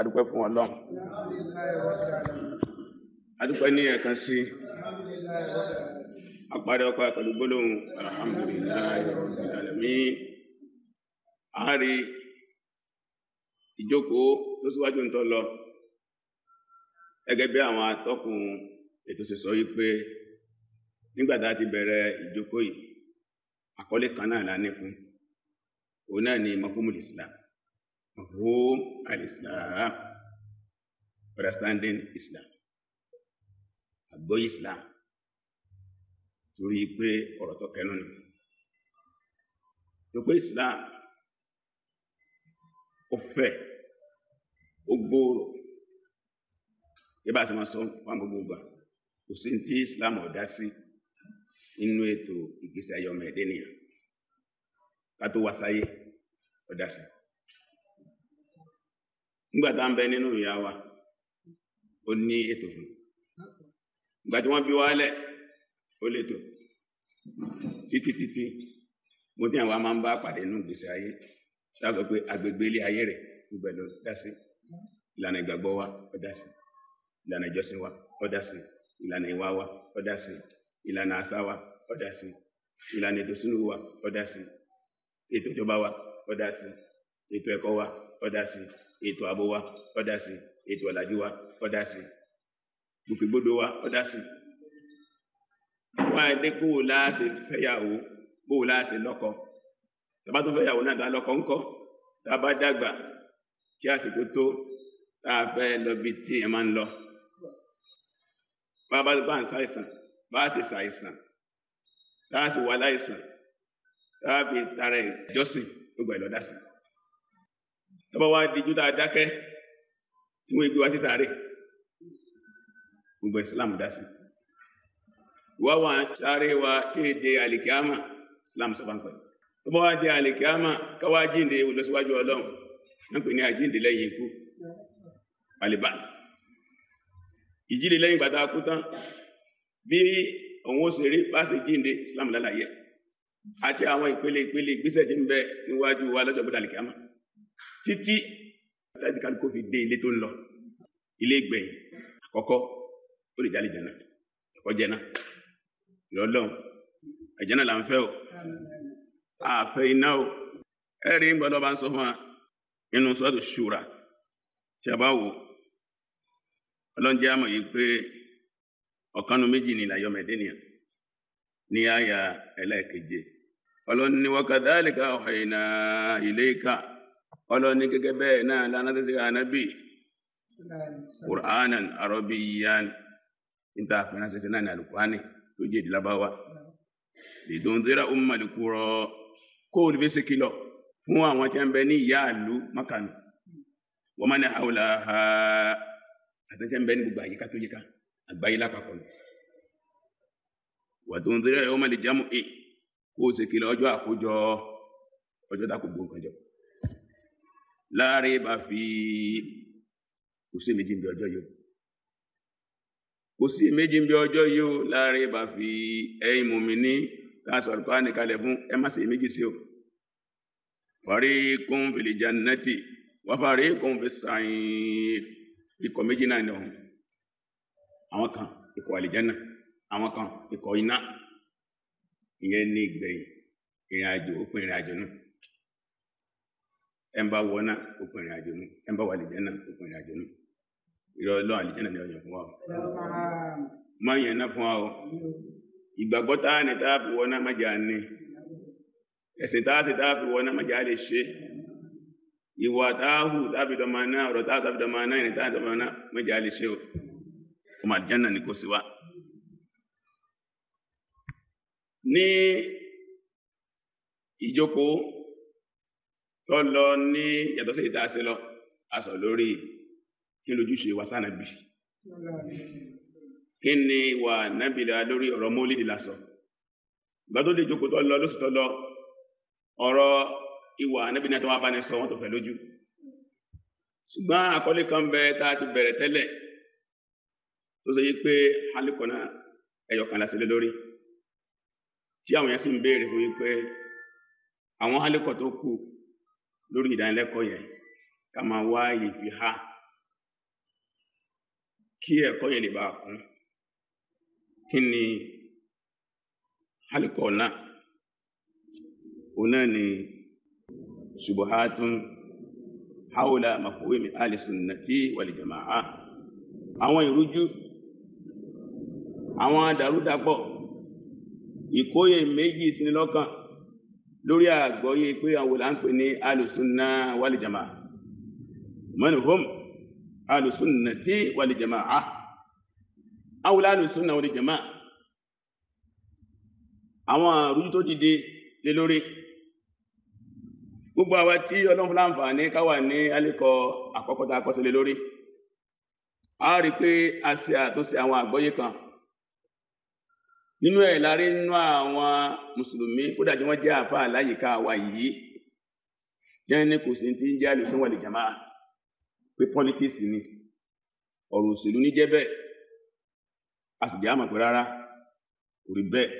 adúpẹ́ fún ọlọ́run adúpẹ́ ní ẹ̀kan sí àpárẹ ọpá pẹ̀lú gbólóhùn alhamdulillahi rabbil alamin àárí tó síwájú ń tọ́ lọ gẹ́gẹ́ bí àwọn ètò ṣe sọ wípé nígbà tá a ti bẹ̀rẹ̀ yìí la whom al-Islam, understanding Islam, àgbọ́ Islam, torí pé ọ̀rọ̀ tó kẹnu ni. Tó Islam, ó fẹ̀, ó gbòòrò, yẹ́bà sí máa sọ fún gbogbo kò sí tí Islam ọ̀dá sí nínú ètò ìgbésí ayé ọmọ ẹ̀dẹ́ nìyàn. Ká tó wá sáyé, ọ̀dá sí. nígbà tá ń bẹ nínú ìyá wa ó ní ètò fún ìgbà tí wọ́n bí wálẹ̀ ó lètò títí títí mo tí àwọn máa ń pàdé nínú gbèsè ayé láti sọ pé agbègbè ilé ayé rẹ̀ gbogbo ẹ̀ ló dá ìlànà ìgbàgbọ́ wa ó dá sí ìlànà ìjọsìn wa ó dá sí ìlànà ìwà wa ó dá sí ìlànà àṣà wa ó dá sí ìlànà ètò sínú wa ó dá sí ètò ìjọba wa ó dá sí ètò ẹ̀kọ́ wa ọ̀dà sí ètò ààbò wa ọ̀dà sí ètò ọ̀làjú wa ọ̀dà sí gbòkègbodò wa ọ̀dà sí. wọ́n á dé kó o láàṣẹ fẹ́yàwó kó o láàṣẹ lọ́kọ tàbá tó fẹ́yàwó náà tá lọ́kọ ńkọ́ tàbá dàgbà kí àsìkò tó tá a fẹ́ lọ bí tí ẹ máa ń lọ. bàbá bá ń ṣàìsàn bá a sì ṣàìsàn tá a sì wà láìsàn tá a fi tara ìjọsìn gbogbo ẹ̀ lọ́dà sí i. tọ́bọ̀ wá díjú dáadákẹ́ tí wọ́n gbé wá sí sáré gbogbo islam wà wa tí è dé islam sọ́fà ń wá dé alìkíámà káwá jíǹde olóṣíwájú ọlọ́run ní àjíǹde lẹ́yìn ikú palibá ìjíǹde lẹ́yìn gbàtà kú bí òun ó rí islam lálàyé àti àwọn ìpele ìpele tí ń bẹ níwájú wa títí láti kálukú fi dé ilé tó ń lọ ilé ìgbẹ̀yìn àkọ́kọ́ ó lè jálè jẹ́nà ẹ̀kọ́ jẹ́nà lọ́lọ́run àjẹ́nà là ń fẹ́ o àfẹ́ iná o ẹ̀rí ń gbọ́dọ̀ bá ń sọ fún wa nínú sọ́ọ̀tù ṣúra tí a bá wò àmọ̀ yìí pé ọ̀kanu méjì ni ìlàyọ̀mẹ̀dẹ́nìyàn ní àyà ọlọ́ni gẹ́gẹ́ bẹ́ẹ̀ náà lánàtẹ́sí ànábì Qur'anan arabiyyan níta fẹ́ránṣẹ́sẹ́ náà ní alùkùránì tó jẹ́ ìdílábáwá lidunzira ummal qura kó o lè ṣèkìlọ̀ fún àwọn tí a ń bẹ ní ìyá àlú mákànù wa man hawlaha àti tí a ń bẹ ní gbogbo àyíká tó yíká àgbáyé lápapọ̀ wadunzira yawmal jam'i kó o ṣèkìlọ̀ ọjọ́ àkójọ ọjọ́ dákògbò nǹkan jọ láàrin ibà fi kò sí méjì ń bí ọjọ́ yóò kò sí méjì ń bí ọjọ́ yóò láàrin ibà fi ẹ̀yin mùmíní káàsọ̀ àlùkọ́ ànìkalẹ̀ fún ẹ má ṣe méjì sí o fariqun fil jannati wa fariqun fis sa'ir ikọ̀ méjì náà ni àwọn kan ikọ̀ àlìjánà àwọn kan ikọ̀ iná ìyẹn ní ìgbẹ̀yìn ìrìn àjò òpin ìrìn àjò náà ẹ ń bá wọ náà òpin ìrìn àjò nù ẹ ń bá wà lìjẹ náà òpin ìrìn àjò nù ìrọ̀ ọlọ́run àlìjẹ náà ni ọ̀yàn fún wa o má yẹn náà fún wa o ìgbàgbọ́ tá a ní tá a fi wọ náà má jà ní ẹ̀sìn tá a sì tá a fi wọ náà má jà lè ṣe ìwà tá a hù tá a fi dọ̀mà náà ọ̀rọ̀ tá a fi dọ̀mà náà ìrìn tá a fi náà má jà lè ṣe o ọmọ àlìjẹ náà ni kò sí wa. ní ìjókòó tó lọ ní yàtọ̀ sí ìtaṣẹ́ lọ aṣọ lórí kí lójúṣe wa sánàbì kí ni wà nábìlá lórí ọ̀rọ̀ mólìdì lásọ ìgbà tó dé jókòó tó lọ lóṣù tó lọ ọ̀rọ̀ ìwà nábì náà tó wá bá ní sọ wọ́n tó fẹ́ lójú ṣùgbọ́n àkọlé kan bẹ tá a ti bẹ̀rẹ̀ tẹ́lẹ̀ tó ṣe yí pé alikọ̀nà ẹ̀yọ̀kan lásìlẹ̀ lórí tí àwọn yẹn sì ń béèrè fún yí pé àwọn alikọ̀ tó kù lórí ìdánilẹ́kọ̀ọ́ yẹn ká máa wá ìfi ha kí ẹ̀kọ́ yẹn lè bá kún kí ni hálùkọ̀ náà òun náà ni ṣubuhatun haula mafhuumi ahli sunnati wal jama'a àwọn ìrújú àwọn adàrúdàpọ̀ ìkóyè méjì sínú lọ́kàn lórí àgbọ́yé pé àwọn là ń pè ní alùsùnà wàlìjàmà mọ́nìhóm alùsùnà tí wàlìjàmà á àwọn alùsùnà wàlìjàmà àwọn àrùn tó dìde lé lórí gbogbo àwa tí ọlọ́run fún láǹfààní ká wà ní alẹ́kọ̀ àkọ́kọ́ tá lórí a rí pé a ṣe àtúnṣe àwọn àgbọ́yé kan nínú ẹ̀ lárí nínú àwọn mùsùlùmí kódà tí wọ́n jẹ́ àfáà láyìíká wa yìí jẹ́ ní kò sí tí ń jẹ́ jamaa pé politics ni ọ̀rọ̀ òṣèlú ní jẹ́ bẹ́ẹ̀ a sì jẹ́ àmọ̀ pé rárá kò rí bẹ́ẹ̀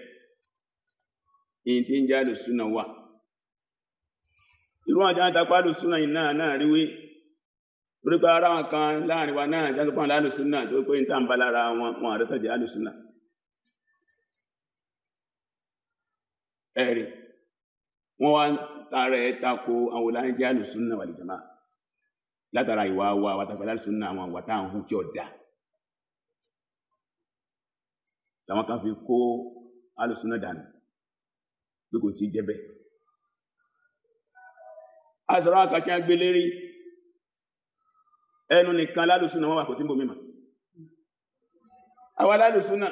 èyí tí ń jẹ́ àlùsùn náà wà irú àjá àtàpá àlùsùn náà náà náà ríwé torípa ara wọn kan láàrin wa náà jágúpọ̀ àlùsùn náà tó pé ń lára wọn wọn àrẹ́tàjẹ́ àlùsùn náà ẹ̀rí wọ́n wá tààrẹ tako àwọn olóńjẹ́ alùsùnà wal jamaa látara ìwà wa wàtàfẹ́ alùsùnà àwọn àwàtà àwọn ohun ọ̀dà làwọn kan fi kó alùsùnà dànù pé kò tí jẹ́bẹ̀ ẹ àkàtí agbélérí ẹnu nìkan lálùsùnà wà kò sí ń bò àwọn alùsùnà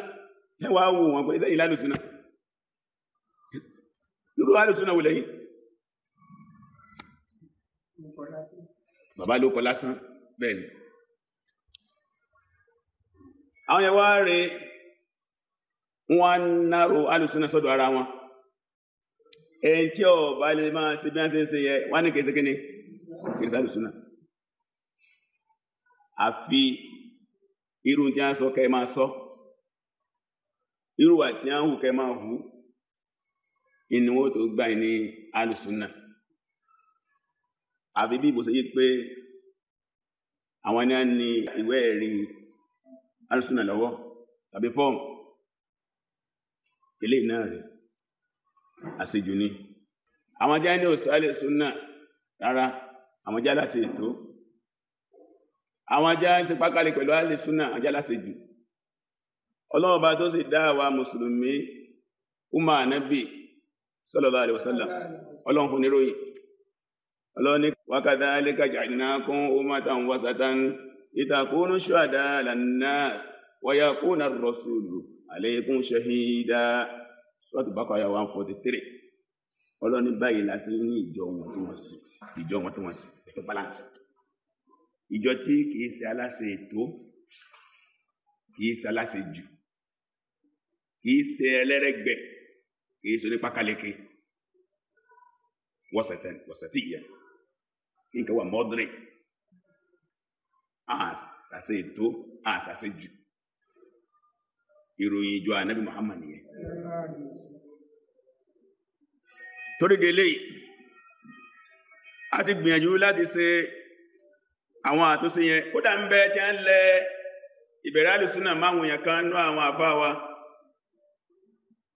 ẹwà wò wọn lu ahlu sunna wò lẹ́yìn. bàbá ló kọ lásán àwọn yẹn wá rè wọn ara wọn. ẹ̀yìn tí ọba lè ṣe bí wọ́n ṣe ń ṣe yẹ ahlu sunna. àfi irun tí sọ ẹ sọ inú wọn tó gbà ní alùsùnà àfi bí ìbòsí yí pé àwọn ni a ní ìwé ẹ̀rí alùsùnà lọ́wọ́ tàbí fọ́ọ̀mù ilé náà rẹ̀ àṣejù ni àwọn jẹ́ ní òsàlẹ̀ súnà rárá àwọn jẹ́ aláṣẹ ètò àwọn jẹ́ ń ṣe pákàlẹ̀ pẹ̀lú alẹ́ súnà àjẹ́ aláṣẹ jù ọlọ́ọ̀bá tó sì dá àwa mùsùlùmí umar anabi sallallahu alaihi wasallam ọlọ́run fún níròyìn ọlọ́run ní wa kadhalika ja'alnakum ummatan wasatan litakunu shuhada 'ala an-nas wa yakuna ar-rasulu 'alaykum shahida sọ́ọ̀tù Baqara 143 ọlọ́ni báyìí la ṣe ní ìjọ wọn ìjọ wọn kìí ṣe onípákáleke wọ́sẹ̀tẹ̀n wọ́sẹ̀tìyẹ nǹkan wà moderate àṣàṣe ètò àṣàṣe jù ìròyìn ìjọ ànábì Muhammad nìyẹn torí délé a ti gbìyànjú láti ṣe àwọn ato yẹn kódà ń bẹ tí a ń lẹ ìbẹ̀rẹ̀ kan awon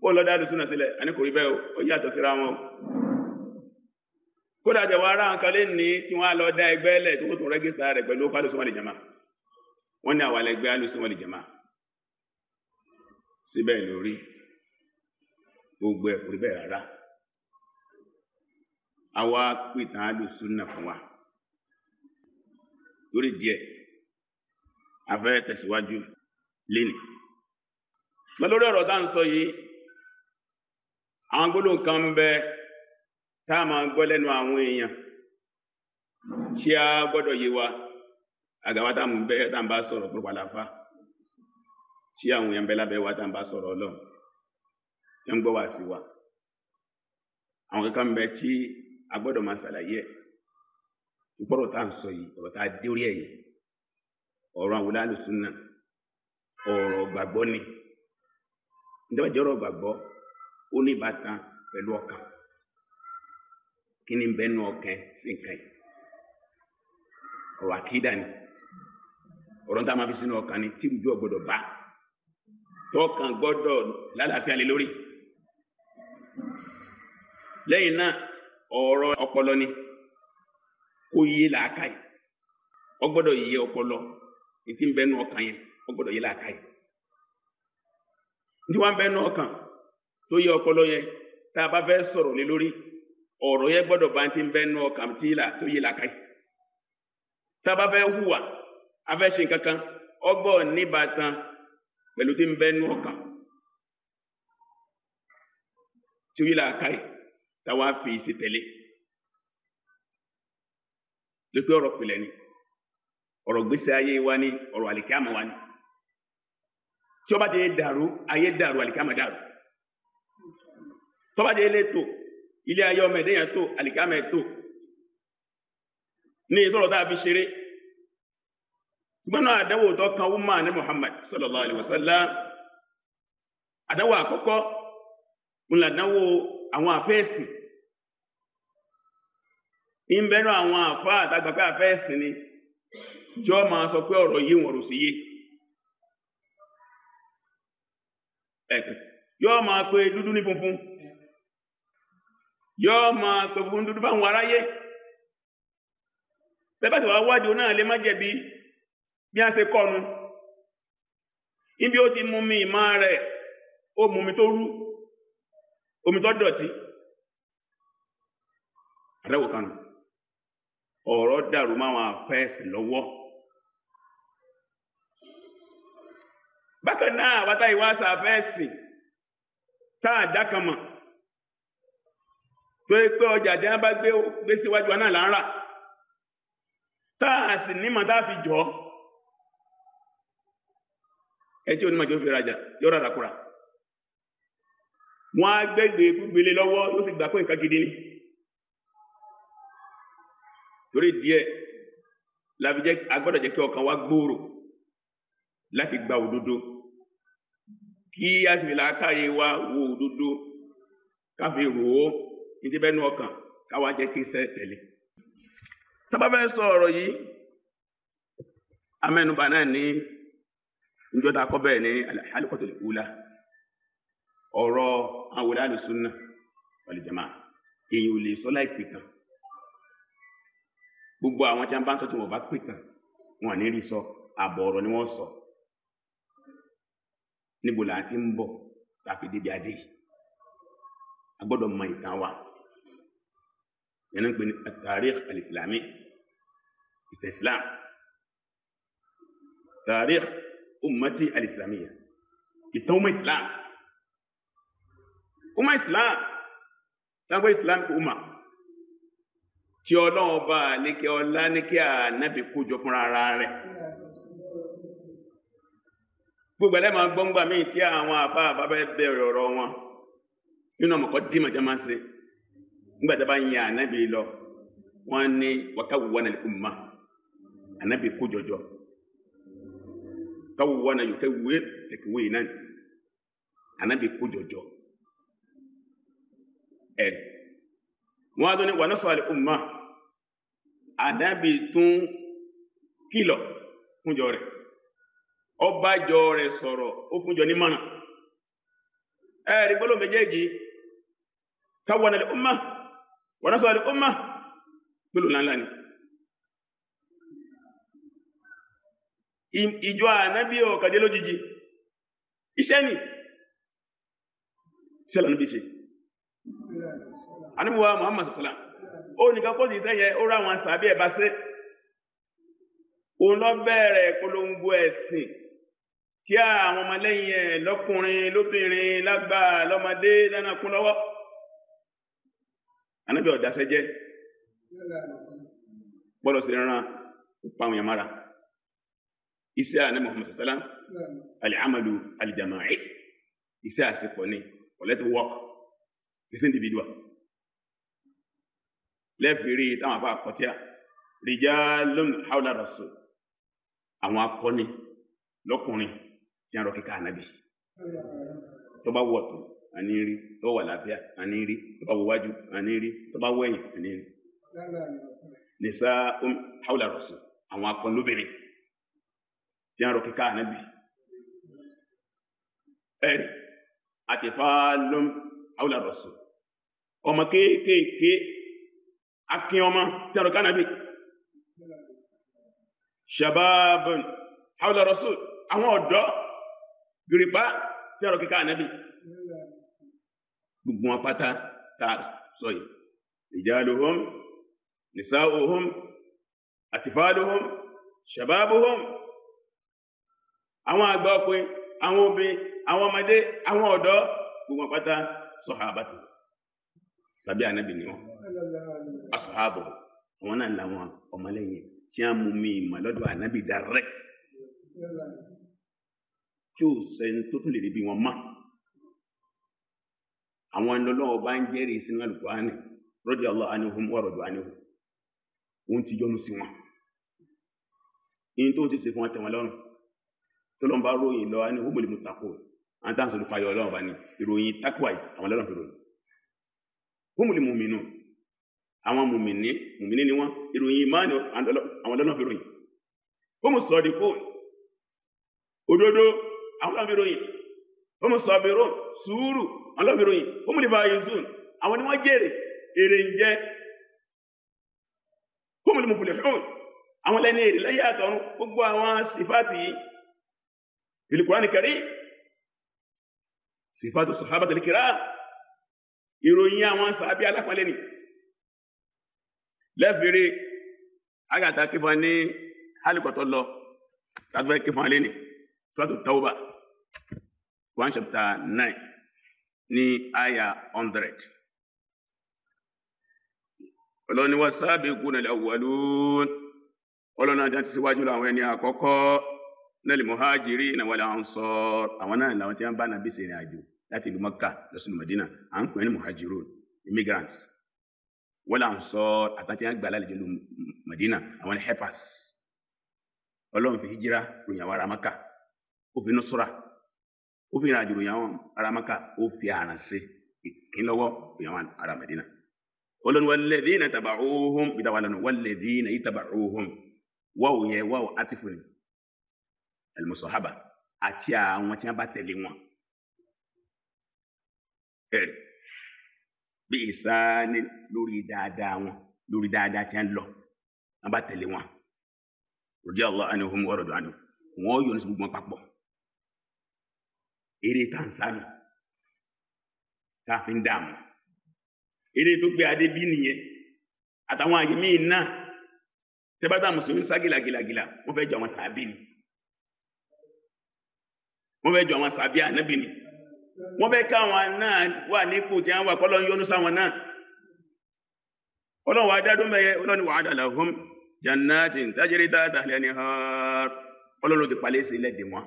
bó lọ́dá àdùsúnà sílẹ̀ a ní kò rí bẹ́ẹ̀ ó yàtọ̀ síra wọn kódà jẹ́ wọ́n ará nǹkan lé tí lọ dá ẹgbẹ́ lẹ̀ tó tún rẹ́gísítà rẹ̀ pẹ̀lú ọkọ̀ wọ́n ní àwọn ẹgbẹ́ àlùsùn wal jamaa síbẹ̀ lórí gbogbo ẹ̀ kò rí bẹ́ẹ̀ rárá àwa náà fún wa lórí díẹ̀ tẹ̀síwájú lénìí àwọn gbólóhùn kan ń bẹ tá a máa gbọ́ lẹ́nu àwọn èèyàn ṣé a gbọ́dọ̀ yé wa àgàwà tá ń ń bá sọ̀rọ̀ pé pàlàfà ṣé àwọn èèyàn ń lábẹ́ wa tá ń bá sọ̀rọ̀ ọlọ́run tí ń gbọ́ wá sí wa ni ìjọba jẹ́ ọ̀rọ̀ gbàgbọ́ ó pẹ̀lú ọkàn kí ni bẹ́ẹ̀ nu ọkàn sí nǹkan yìí ọ̀rọ̀ àkídà ni ọ̀rọ̀ tá a máa fi sínú ọkàn ni tí ìjọ gbọ́dọ̀ bá tọkàn gbọ́dọ̀ lálàáfíà lé lórí lẹ́yìn náà ọ̀rọ̀ ọpọlọ ni kó yé làákàyè ó gbọ́dọ̀ yé ọpọlọ ètí ń bẹ́ẹ̀ nu yẹn ó yé tó yẹ ọpọlọ yẹ tá a bá fẹ́ sọ̀rọ̀ lé lórí ọ̀rọ̀ yẹ gbọ́dọ̀ bá ti bẹ́ nù ọkàn tí tó yẹ làkàyè tá a bá fẹ́ hùwà a fẹ́ ṣe kankan ọgbọ́n níbàtàn pẹ̀lú tí ń bẹ́ nù ọkàn fi tẹ̀lé lókè ọ̀rọ̀ pìlẹ̀ ni ọ̀rọ̀ gbèsè ayé wa ni ọ̀rọ̀ wa ni tí bá ti dàrú ayé dàrú dàrú. tọ́bàdé ilé tó ilé ayé ọmọ ẹ̀dẹ́yàn tó àlìkámẹ́ tó ní ìsọ̀rọ̀ tá a fi kan máa ní Muhammad sallallahu alaihi wasallam àdáwò àkọ́kọ́ ńlàdáwò àwọn àfẹ́ẹ̀sì ń àwọn àtàgbàpẹ́ àfẹ́ẹ̀sì ni jọ máa sọ pé ọ̀rọ̀ yìí wọ̀n yé yọ yóò ma pẹ gbogbo dúdú fáwọn aráyé bẹ́ẹ̀ bá ti wàá wádìí náà lè má jẹ̀bi bí a ṣe kọnu níbi ó ti mú mi rẹ̀ ó mú mi tó rú omi tó dọ̀tí àdáwò kanu ọ̀rọ̀ dàrú máwọn àfẹ́ẹ̀sì lọ́wọ́ bákan náà tó yẹ pé ọjà tí bá gbé gbé síwájú náà là tá a sì nímọ̀ tá a fi jọ ẹ tí onímọ̀ tí ó fi rajà yọ lọ́wọ́ yóò sì gbà pé nǹkan gidi ni torí díẹ làbíjẹ kí ọkàn gbòòrò láti gba òdodo kí a sì fi làákàyè wa wo òdodo káfí rò ó. ndị bẹ́ẹ̀ nu ọkàn káwa jẹ́ kí iṣẹ́ tẹ̀lé. tábà fẹ́ sọ ọ̀rọ̀ náà ní njọ́ta akọ́ ní alikotul ula ọ̀rọ̀ àwọn ole wal gbogbo àwọn tí a bá ń sọ tí wọn bá sọ àbọ̀ ọ̀rọ̀ ni wọn sọ níbo a gbọ́dọ̀ mọ ìtàn wa yẹn ń pè ní tarikh al-islami ìtàn islam tarikh ummati al-islamiyya ìtàn ọmọ islam ọmọ islam tábọ̀ islam kò mà tí ọlọ́run bá ní kí ọlá ní kí ànábì kójọ fúnra ara rẹ̀ gbogbo ẹlẹ́mọ̀ gbọ́ngbà míì tí àwọn àfáàfá bẹ̀rẹ̀ ọ̀rọ̀ wọn. nínú ọmọkọ dín màjá máa ṣe nígbà a bá ń yan ànábì lọ wọn ní wákàwù wọn nàlẹ kùmà ànábì kó jọjọ káwù wọn nàlẹ kẹwù wé tẹkẹwé náà jọjọ ẹrí wọn adọ ní wọn náà sọ àlẹ kùmà ànábì tún kìlọ̀ fúnjọ rẹ sọrọ rẹ sọ̀rọ̀ ó kawwana lè umma wa nasara lè umma gbélò ńláńlá ni ìjọ ànábí ọ̀kadé lójijì iṣẹ́ ni iṣẹ́ lànà bí ṣe anábíwá Muhammad sàlá ó nìkan kó sì sẹ́yẹ ó rá wọn sàbí ẹ̀bá sí òun lọ bẹ̀rẹ̀ polongo ẹ̀sìn tí àwọn ọmọlẹ́yìn ẹ̀ lọ́kùnrin lóbìnrin lágbà lọ́mọdé lánàkún lọ́wọ́ anabi ọ̀dàṣẹ́ jẹ́ gbọ́dọ̀ sí ran ìpamọ́ yẹn mára iṣẹ́ àná muhammad sallá alìhamalu alìjàmáì iṣẹ́ ni collective work is individual lẹ́fìrí táwọn afá akọtíà rijalun hawla rasul àwọn akọni tí a rọ kíkà tó àní rí tó wà lábẹ́ àní rí tó bá wọ́wájú àní rí tó bá wẹ̀yìn àní rí. nìsa hawla rasul àwọn akọlóbìnrin tí a kíkà ànábì hawla ọmọ kéékèèké ọmọ tí a kíkà ànábì shababun hawla àwọn gbogbo wọn pátá tá sọ yìí rijaluhum nisa'uhum atfaluhum shababuhum àwọn àgbà ọkùnrin àwọn obìnrin àwọn ọmọdé àwọn ọ̀dọ́ gbogbo wọn pátá sahabatu sàbí ànábì ni wọn ashabu àwọn náà làwọn ọmọlẹ́yìn tí a mú mi ìmọ̀ lọ́dọ̀ ànábì direct tí ó sẹ́ni tó tún lè rí bí wọn máa àwọn ẹni bá ń jẹ́rìí sínú àlùkùránì radiyallahu anhum wa radu anhum òun ti yọ́nú sí wọn in tó ń ti ṣe fún àtẹ̀wọ̀n lọ́rùn tó lọ́n bá ròyìn lọ ní humul muttaqun àtàǹsọ̀ nípa ayọ̀ bá ní ìròyìn àwọn lọ́rùn àwọn ni wọ́n ìròyìn ìmáàni àwọn lọ́rùn òdodo àwọn lọ́rùn sùúrù ọlọ́run ìròyìn ó mú nípa yunzun àwọn ni wọ́n jèrè èrè ń jẹ́ humul muflihun àwọn lẹ́ni èrè láyé àtọ̀run gbogbo àwọn sífàtì fil Qur'anil Karim sífàtì sahabatil kiram ìròyìn àwọn sàábí alápọ̀lẹ́ ni lẹ́fẹ̀ẹ́rẹ́ agàtà kífà ní alìkọ̀tọ̀ lọ tàbí kífà lẹ́ni Suratu Tawbah one chapter nine ní àyà 100 ọlọ́ni wọ́n sáàbẹ̀ kú nílẹ̀ awwalun ọlọ́ni àjá ti síwájú àwọn ẹni àkọ́kọ́ nílẹ̀ muhajiri na wal ansar àwọn náà làwọn tí wọ́n bá na bí sẹ́rìn àjò láti ìlú Mọ́kà lọ sí Mọ̀dínà à ń pè ní muhajirun immigrants wal ansar àtàtí wọ́n gbà lálejò ìlú Mọ̀dínà àwọn ni helpers ọlọ́run fi hijira ròyìn àwọn ará Mọ́kà òfin nusura ó fi ìrìnàjò ròyìn àwọn maka ó fi àràn sí ìkínlọ́wọ́ ròyìn àwọn ará Madina na walladhina taba'uuhum ìdáwàlónú walladhina taba'uuhum wọ́wù yẹ wọ́wù atifu ni al-musahaba àti a tí wọ́n ba tẹ̀lé wọn. ẹ̀rì bi ìsáni wọn lori dáadáa tí lọ wọ́n bá tẹ̀lé wọn. radiyallahu anhum wa radu yọ ní eré tanzania káàfin dààmú eré tó gbé adé bí nìyẹn àtàwọn àyè míì náà tẹ́bátà mùsùlùmí sá gìlàgìlàgìlà wọ́n fẹ́ jọ àwọn sàábì ni wọ́n fẹ́ jọ àwọn sàábì ànábì ni wọ́n fẹ́ káwọn náà wà nípò tí wọ́n wà kọ́lọ́ yọ́nú sáwọn náà ọlọ́run wa dádó mẹ́yẹ ọlọ́run wa adà lahum jannatin tajiri tata lẹ́ni hàn ọlọ́run ti palẹ́ sí lẹ́dìí wọn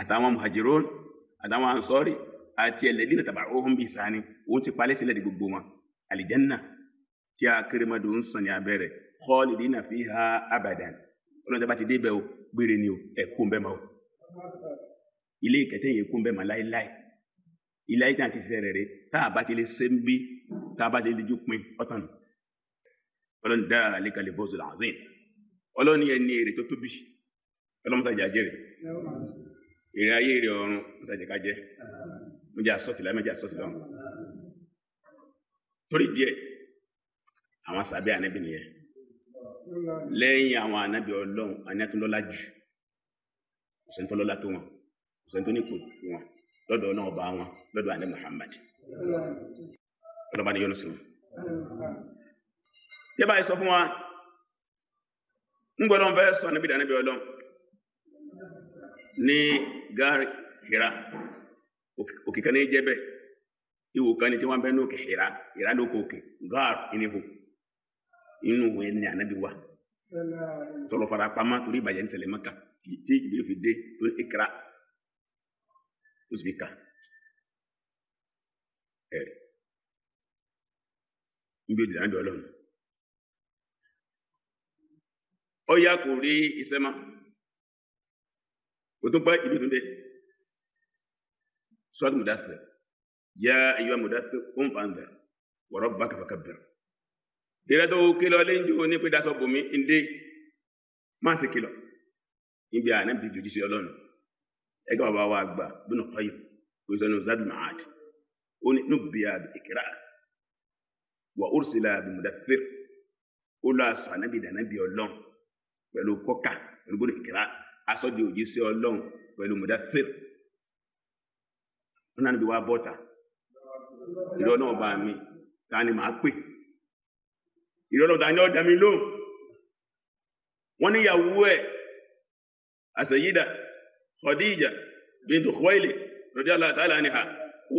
àtàwọn muhajirun Adamu, àtàwọn ati àti ẹlẹ́dínà tàbá òhun bíi sani òun ti palẹ́ sílẹ̀ di gbogbo wọn àlìjánná tí a kérémàdó ń sàn ní abẹ́rẹ́ khalidina fiha abadan ọlọ́run tí a bá ti débẹ̀ o gbére ni o ẹ̀kú ń bẹ́ ma o ilé ìkẹtẹ́ yẹn kú ń bẹ́ ma láéláé ilé ayé tí a ti sẹ́rẹ̀ rẹ̀ tá a bá ti lè ṣe ń bí tá a bá ti lè ju pin ọ̀tàn ọlọ́run dhalika al-fawzul azim ọlọ́run yẹn ní èrè tó tóbi ọlọ́run sàjà jẹ́rẹ̀. èrè ayé èrè ọ̀run ìsàjẹ̀kájẹ́ mẹ́jẹ́ àsọ́tìlá mẹ́jẹ́ àsọ́tìlá ọ̀run torí díẹ̀ àwọn sàbẹ́ ànábì nìyẹn lẹ́yìn àwọn ànábì ọlọ́run anẹ́túnlọ́lá jù ọ̀sẹ̀ntọ́lọ́lá tó wọn ọ̀sẹ̀ntónípò wọn lọ́dọ̀ náà ọba wọn Muhammad ni sí wọn. báyìí sọ fún wa ń fẹ́ sọ ànábì ní gari hìrà òkè kan ní jẹ́ bẹ́ẹ̀ ihò kan ní tí wọ́n bẹ́ ní òkè hìrà hìrà ló inu òkè gáà ìníhò inú wọn ni ànábi fara pamọ́ torí ìbàjẹ́ ní ṣẹlẹ̀ o tún gbọ́ ìlú tún dẹ̀ sọ́ọ́tù mudaththir yá ayyuha mudaththir qum fa'anzir wa rabbaka fakabbir ìrẹ́ tó kílọ̀ lẹ́yìn tó ní pé dasọ bùnmi ndé máa sì kílọ̀ níbi àná bí jòjì sí ọlọ́run ẹgbẹ́ bàbá wa gbà bínú kọ́yọ̀ òṣèlú zadul ma'ad ó ní nubbiya bi ikra wa ursila bi mudaththir ó lọ àṣà ànábì dànábì ọlọ́run pẹ̀lú kọ́kà pẹ̀lú gbọ́dọ̀ ìkìrá asọ́di òjíṣẹ́ ọlọ́run pẹ̀lú mudathir wọn náà níbi wá bọ́ta ìlú ọlọ́run bá mi ta ni màá pè ìlú ọlọ́run ta ni ọ̀dà mi lóhùn wọn níyàwó ẹ̀ àṣeyídà Khadija bintu Khuwailid radiyallahu ta'ala anha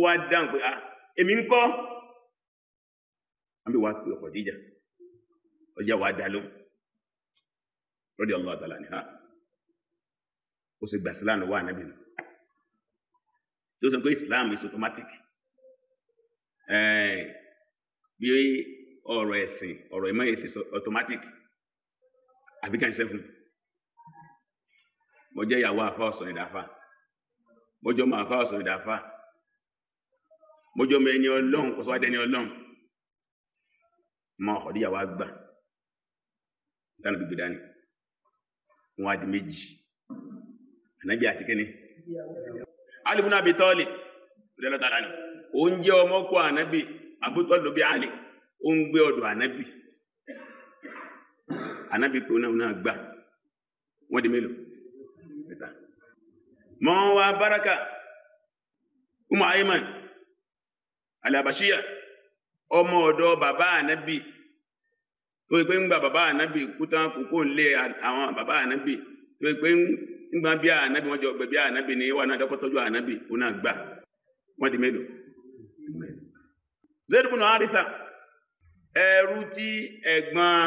wá dáhùn pé ah èmi ń kọ́ wọn bí wàá pè Khadija ọjà wàá dá lóhùn radiyallahu ta'ala anha ó sì gba islam lọ́wọ́ ànábì nù tó sọ pé islam is automatic bí ọ̀rọ̀ ẹ̀sìn ọ̀rọ̀ ìmọ̀ ẹ̀sìn automatic àbí kàn sẹ́fún mo jẹ́ ìyàwó àfa ọ̀sán ìdáfà mo jọ mọ àfa ọ̀sán ìdáfà mo jọ mọ ẹni ọlọ́run kó sọ wá dẹni ọlọ́run mọ ọ̀kọ̀díyàwó àgbà dáná gbígbé dání wọn á méjì. Anabi àti kíni Ali ibn Abi Talib ìrẹ́lọ́ tààrà ni ń ọmọ kó Anabi, Abu Talib Ali ó ń gbé ọ̀dọ̀ ànábì ànábì pé òun náà gbà di mélòó wa baraka umu ayman alabashiya ọmọ ọ̀dọ̀ bàbá anabi tó pé ń gba bàbá Anabi kú kókó ń lé àwọn ńgbà bí anabi wọn jọ ọgbẹ̀ anabi ni ní wà náà dọ́kọ́tọ́jú anabi náà gbà wọ́n di mélòó. zayd bin haritha ẹrú tí ẹgbọn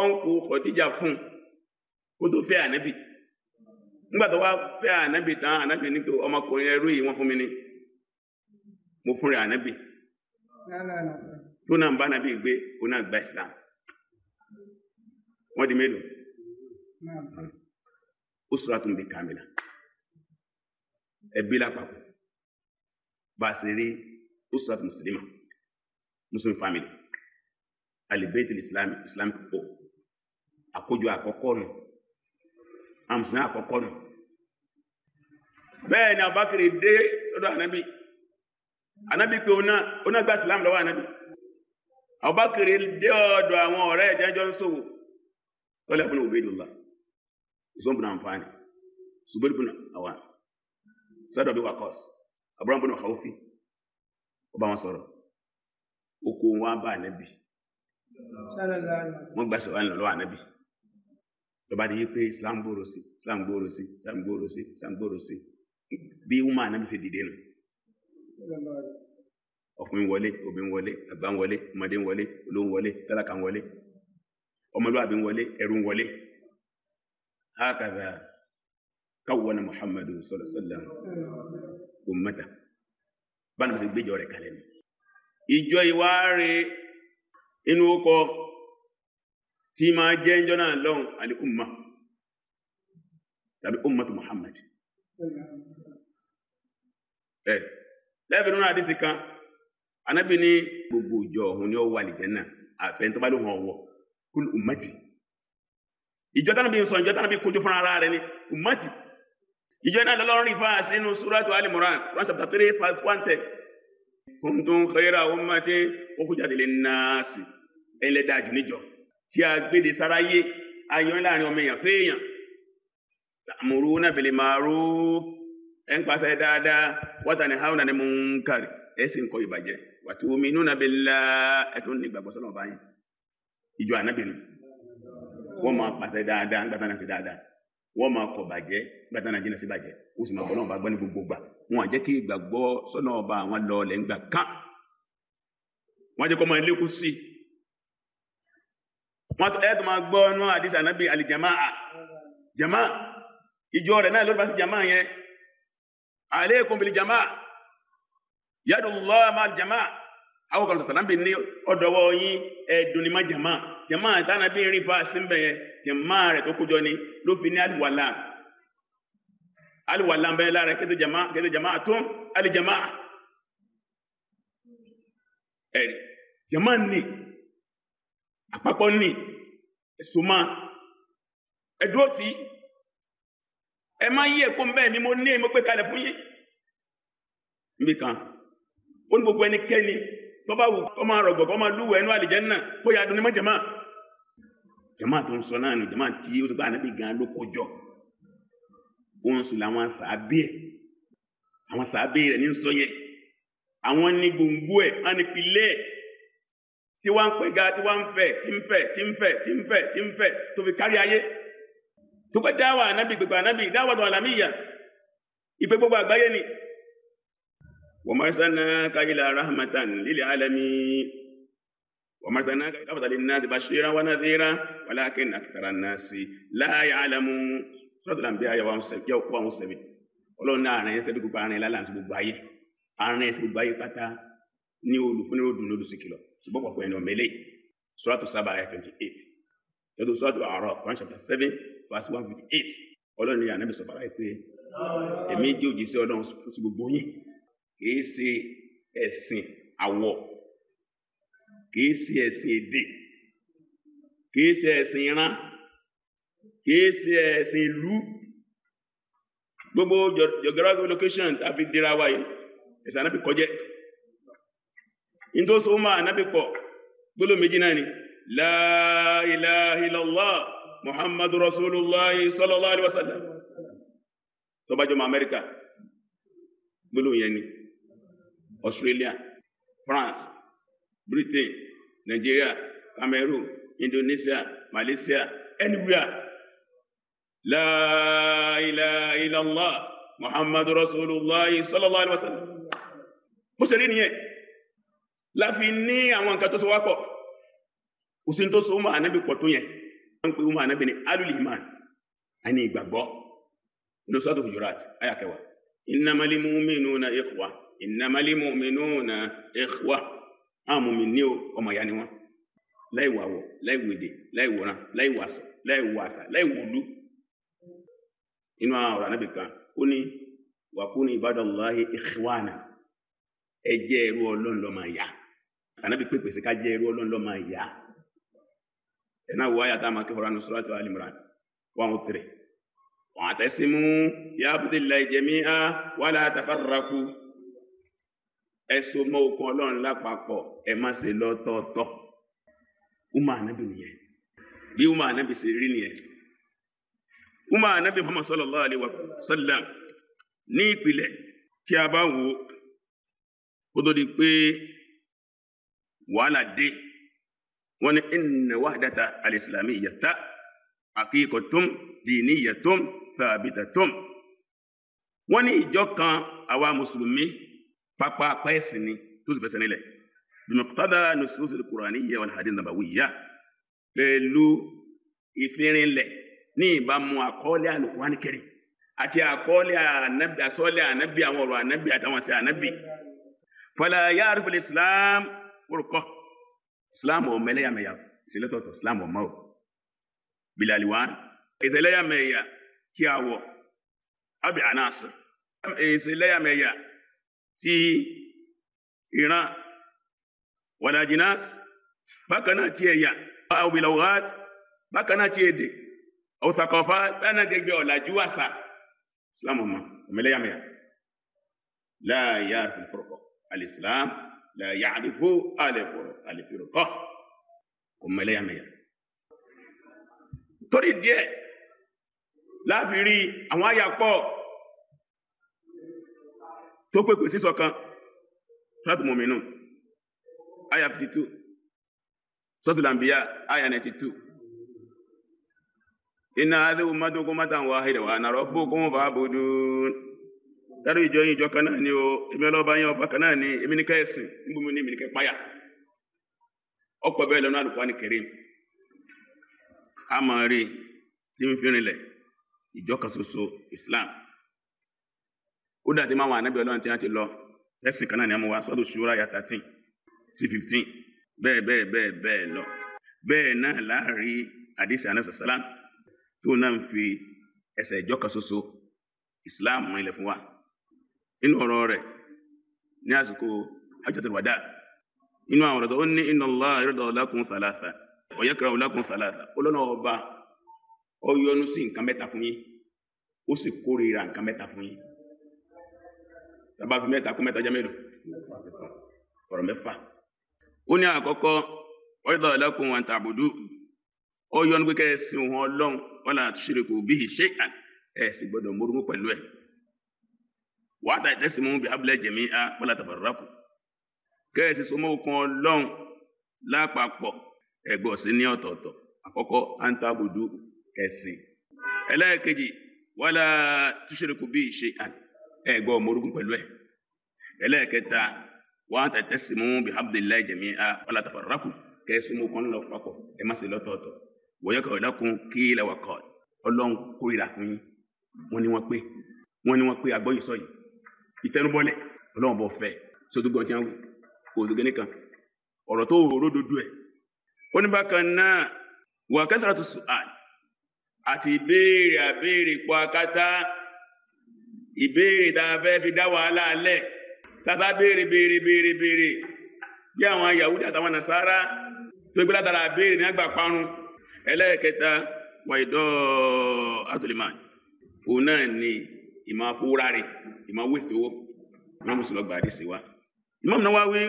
ọ̀nkù khadija fún kó tó fẹ́ anabi ńgbà tó wá fẹ́ anabi tán anabi ní ọmọkùnrin ẹrú yìí fún mi mo fún tó gba islam di mélòó. usratun bi kamila ẹbí lápapọ̀ bá a ṣe rí usrat muslima muslim family alibeti islam islamic po àkójọ àkọ́kọ́ nù àmùsùn àkọ́kọ́ nù bẹ́ẹ̀ ni abakiri dé sọ́dọ̀ anabi anabi pé ona ona gba islam lọ́wọ́ anabi abakiri dé ọ̀dọ̀ àwọn ọ̀rẹ́ ẹ̀jẹ̀ jọ ń sòwò tọ́lẹ̀ fún Ubaydullah. Usman bin Amfani, Zubair bin Awan, Sadu Abi Wakos, Abraham bin Fawfi, ó bá wọn sọ̀rọ̀. Oko wọn bá ànábì. Wọ́n gba ìṣòro àìlọ́ lọ́wọ́ ànábì. Lọ́ba di yí pé Islam gbòòrò sí, Islam gbòòrò sí, Islam gbòòrò sí, Islam gbòòrò sí. Bí wọ́n máa ànábì ṣe dìde nù. Ọkùnrin wọlé, obìnrin wọlé, àgbà ń wọlé, ọmọdé ń wọlé, olóhùn wọlé, tálákà ń wọlé. Ọmọlúwàbí ń wọlé, ẹrú ń wọlé. هكذا كون محمد صلى الله عليه وسلم أمته bánu sì gbéjọ rẹ̀ kalẹ̀ ni ìjọ ìwáre inú ọkọ tí máa umma tàbí ummatu Muhammad ẹ lẹ́ẹ̀fẹ̀ nínú kan anábì gbogbo ìjọ ọ̀hún ìjọ tánà bí sọ ìjọ tánà bí kojú fúnra ara rẹ ni umati ìjọ náà lọ́lọ́run rí fáàsì suratu Al-Imran one chapter three verse one ten kuntum khayra ummatin ukhrijat lin-nasi ẹlẹ́dàájú níjọ tí a gbéde sáráyé ayọ̀ láàrin ọmọ èèyàn fẹ́ẹ̀yàn ta'muruna bil ma'ruf ẹ̀ ń pàṣẹ dáadáa wa tanhauna 'anil munkar ẹ̀ sì ń kọ́ ìbàjẹ́ wa tu'minuna billah ẹ̀ tó ń wọ́n máa pàṣẹ dáadáa ń gbàtánà sí dáadáa wọ́n máa kọ̀ bàjẹ́ gbàtánà jìnnà sí bàjẹ́ ó sì máa bọ̀ náà bá gbọ́ ní gbogbo gbà wọn àjẹ́ kí ìgbàgbọ́ sọ́nà ọba àwọn lọ lẹ́ ń gbà kán wọ́n á jẹ́ kó máa lékún sí i wọ́n ẹ̀ tó máa gbọ́ nú àdìsí ànábì àlìjàmá jàmá ìjọ rẹ̀ náà lórí bá sí jàmá yẹn alaykum bil jàmá yadullah máa jàmá àwọn kan sàlámbì jamaa ìtànà bí rí bá síbẹ̀ yẹn jamaa rẹ̀ tó kójọ ni ló fi ni aliwàlá aliwàlá ń bẹ lára kéde jamaa kéde jama'a tó jamaa ni àpapọ̀ ni ẹ̀sùnmá ẹ̀dúró ẹ ma yí ẹ̀kọ́ mbẹ́ mi mo ní èmi pé kalẹ̀ kan jama tó ń sọ náà ni jama tí ó ti gbà ànábì gan ló kọjọ òun sì làwọn sàábì ẹ àwọn sàábì rẹ ní sọ yẹn àwọn ní gbòǹgbò ẹ wọn ní pilẹ ẹ tí wọn ń pẹ ga tí wọn ń fẹ tí ń fẹ tí ń fẹ tí ń fẹ tí ń fẹ tó fi kárí ayé tó pẹ dáwà ànábì gbẹgbẹ ànábì dáwà tó àlàmìyà ìpè gbogbo àgbáyé ni. wa marsalnaka ila rahmatan lil alamin. ومرسلناك رفضا للناس بشيرا ونذيرا ولكن أكثر الناس لا يعلمون sọ́dọ̀ là ń bẹ àyàwó àwọn sẹ̀bí yóò kó àwọn sẹ̀bí ọlọ́run náà àrùn ẹ̀sẹ̀ gbogbo àrùn ẹ̀lá àti gbogbo ayé àrùn ẹ̀sẹ̀ gbogbo ayé pátá ní olùfúnni odùn olùsìkìlọ̀ ṣùgbọ́n pọ̀pọ̀ ẹ̀nà mẹ́lẹ̀ sọ́dọ̀ sábà ayé twenty eight lọ́dọ̀ sọ́dọ̀ àárọ̀ Quran chapter seven verse one fifty eight ọlọ́run kìí ṣe ẹ̀sìn èdè kìí ṣe ẹ̀sìn ìran kìí ṣe ẹ̀sìn ìlú gbogbo geographic location tàbí dira wa yìí ẹ̀sìn anábì kọjẹ́ nítorí sọ́wọ́mà anábì pọ̀ gbọ́dọ̀ méjì náà ni la ilaha illallah muhammadu rasulullah sallallahu alaihi wasallam tó bá jọmọ amẹ́ríkà gbọ́dọ̀ yẹn ni australia france britain Nigeria, Cameroon, Indonesia, Malaysia, anywhere. La ilaha illallah Muhammadu Rasulullah sallallahu alaihi wasallam. Bó ṣe rí nìyẹn, láfi ní àwọn nǹkan tó so wá pọ̀. Kò sí tó so mọ́ ànábì pọ̀ tó yẹn. Wọ́n ń pè mọ́ ní Alulihman, àní ìgbàgbọ́. Inú sọ́tò Hujurat, ayà kẹwàá. mu'minuna ikhwa. Innamal mu'minuna ikhwa àwọn ọmọ mi ní o ọmọ ìyá ni wọn láì wà wọ láì wèdè láì wòran láì wàsọ láì wàsà láì wòlú inú àwọn ọ̀rọ̀ anábì kan ó ní wàkúni ibadallahi ikhwana ẹ jẹ́ ẹrú ọlọ́run lọ́mọ ìyá anábì pèpè sí ká jẹ́ ẹrú ọlọ́run lọ́mọ ìyá ẹ náà wọ àyàtà máa kẹfọ́ra ní suratu Al-Imran one oh three wa'tasimu bi hablillahi jami'a wala tafarraqu ẹ so mọ́ okọ ọlọ́run lápapọ̀ ẹ má ṣe lọ́tọ̀ọ̀tọ̀ uma anabi nìyẹn bí uma anabi ṣe rí nìyẹn uma anabi muhammad sallallahu alayhi wa sallam ní ìpìlẹ̀ tí a bá wo kó tó di pé wàhálà dé wọn ni inna wahdata al-islamiyyata aqiqatun diniyyatun thabitatun wọn ní ìjọ kan àwa mùsùlùmí pápá apá ẹ̀sìn ni tó sì fẹsẹ̀ nílẹ̀ bimuqtada nususil qur'aniyya wal hadith nabawiyya pẹ̀lú ìfirinlẹ̀ ní ìbámu àkọọ́lẹ̀ àlùkùránì kẹrì àti àkọọ́lẹ̀ ànábì àsọ́ọ́lẹ̀ ànábì àwọn ọ̀rọ̀ ànábì àtàwọn àṣẹ ànábì fala ya'rifu al-islam orúkọ islam ọmọ ẹlẹ́yàmẹ̀yà ìṣẹ̀lẹ̀tọ̀tọ̀ islam ọmọ o bilaliwa ìṣẹ̀lẹ̀yàmẹ̀yà kí a wọ abi anasa ìṣẹ̀lẹ̀yàmẹ̀yà ti ìran wàlàjìnàs bákan náà ti ẹ̀yà awilawat bákan náà ti èdè ọ̀sàkọ̀fà dáná gẹ́gẹ́ ọ̀làjú àṣà islam ọmọ ọmọlẹ́yàmẹ̀yà láàyà àfẹ́fọ́rọ̀kọ̀ alìsílám láàyà àdìgbò àlẹ́fọ́rọ̀ àlẹ́fọ́rọ̀kọ̀ ọmọlẹ́yàmẹ̀yà. torí díẹ̀ láfi rí àwọn àyàpọ̀ tó pèpè sí ṣọ̀kan sọ́tù mọ̀mìnú àyà 52 sọ́tù làǹbíyà àyà 92 iná adé ummatukum ummatan wahida wa ana rabbukum fa'budun dárò ìjọ yìí ìjọ kan náà ni o èmi ọlọ́ba ọba kan náà ni èmi ní kẹ́sìn níbo mi ní èmi ní kẹ́ ọ̀pọ̀ bẹ́ẹ̀ Islam. ó máa ọlọ́run tí wọ́n ti lọ ẹ̀sìn kan náà ni a mú sọ́dọ̀ ṣúra ya thirteen sí fifteen bẹ́ẹ̀ bẹ́ẹ̀ bẹ́ẹ̀ bẹ́ẹ̀ lọ bẹ́ẹ̀ náà láàrin àdìsí àná sàsálà tó náà ń fi ẹsẹ̀ ìjọ kan ṣoṣo Islam ilẹ̀ fún wa inú ọ̀rọ̀ rẹ̀ ní àsìkò hajjatul wada inú àwọn ọ̀rọ̀ tó ní inna ọba sí nǹkan mẹ́ta fún yín ó sì kórìíra nǹkan yàbá fi mẹ́ta kó mẹ́ta jẹ́ mélòó ọ̀rọ̀ mẹ́fà ó ní àkọ́kọ́ ọ̀dọ̀ ọ̀lẹ́kùn wọn tàbùdù ó yọ ní pé kẹ́sìn òun ọlọ́run wọn là ṣírí kò bí ṣe ẹ̀ sì gbọ́dọ̀ mórúkú pẹ̀lú ẹ̀ wàá tà ìtẹ́sí mú bí abúlé jẹ̀mí á pọ́lá tàbàrọ́kù kẹ́sì sọmọ́ okun ọlọ́run lápapọ̀ ẹ̀gbọ́ sí ní ọ̀tọ̀ọ̀tọ̀ àkọ́kọ́ antabudu ẹ̀sìn ẹlẹ́ẹ̀kejì wàlá túṣerékù bí ṣe àná ẹgbẹ́ ọmọ orogún pẹlụ wà á sí mú bí a lọ ẹ má ṣe lọ́tọ̀ọ̀tọ̀ wọ́yọ́ kọ̀ ọ̀dọ́kun kí ilẹ̀ wà kọ́ ọlọ́run kórìíra fún yín wọ́n ní wọ́n pé wọ́n ní wọ́n pé agbọ́yìn sọ yìí ìtẹnubọ́lẹ̀ ọlọ́run bọ̀ tí wọn kò kan tó dodo bákan náà tó sùn àti béèrè ìbéèrè tá a fẹ́ fi dá wàhálà alẹ́ tàbá béèrè béèrè béèrè béèrè bí àwọn Yahudi àtàwọn Nasara tó gbé látara béèrè ní àgbà parun ẹlẹ́ẹ̀kẹta wà ìdọ́ àtòlímà òun náà ni ìmọ̀ afowóra rẹ̀ ìmọ̀ wíṣẹ̀ owó wọn mùsùlùmí ọgbà àdìsí wa. Imam Nawawi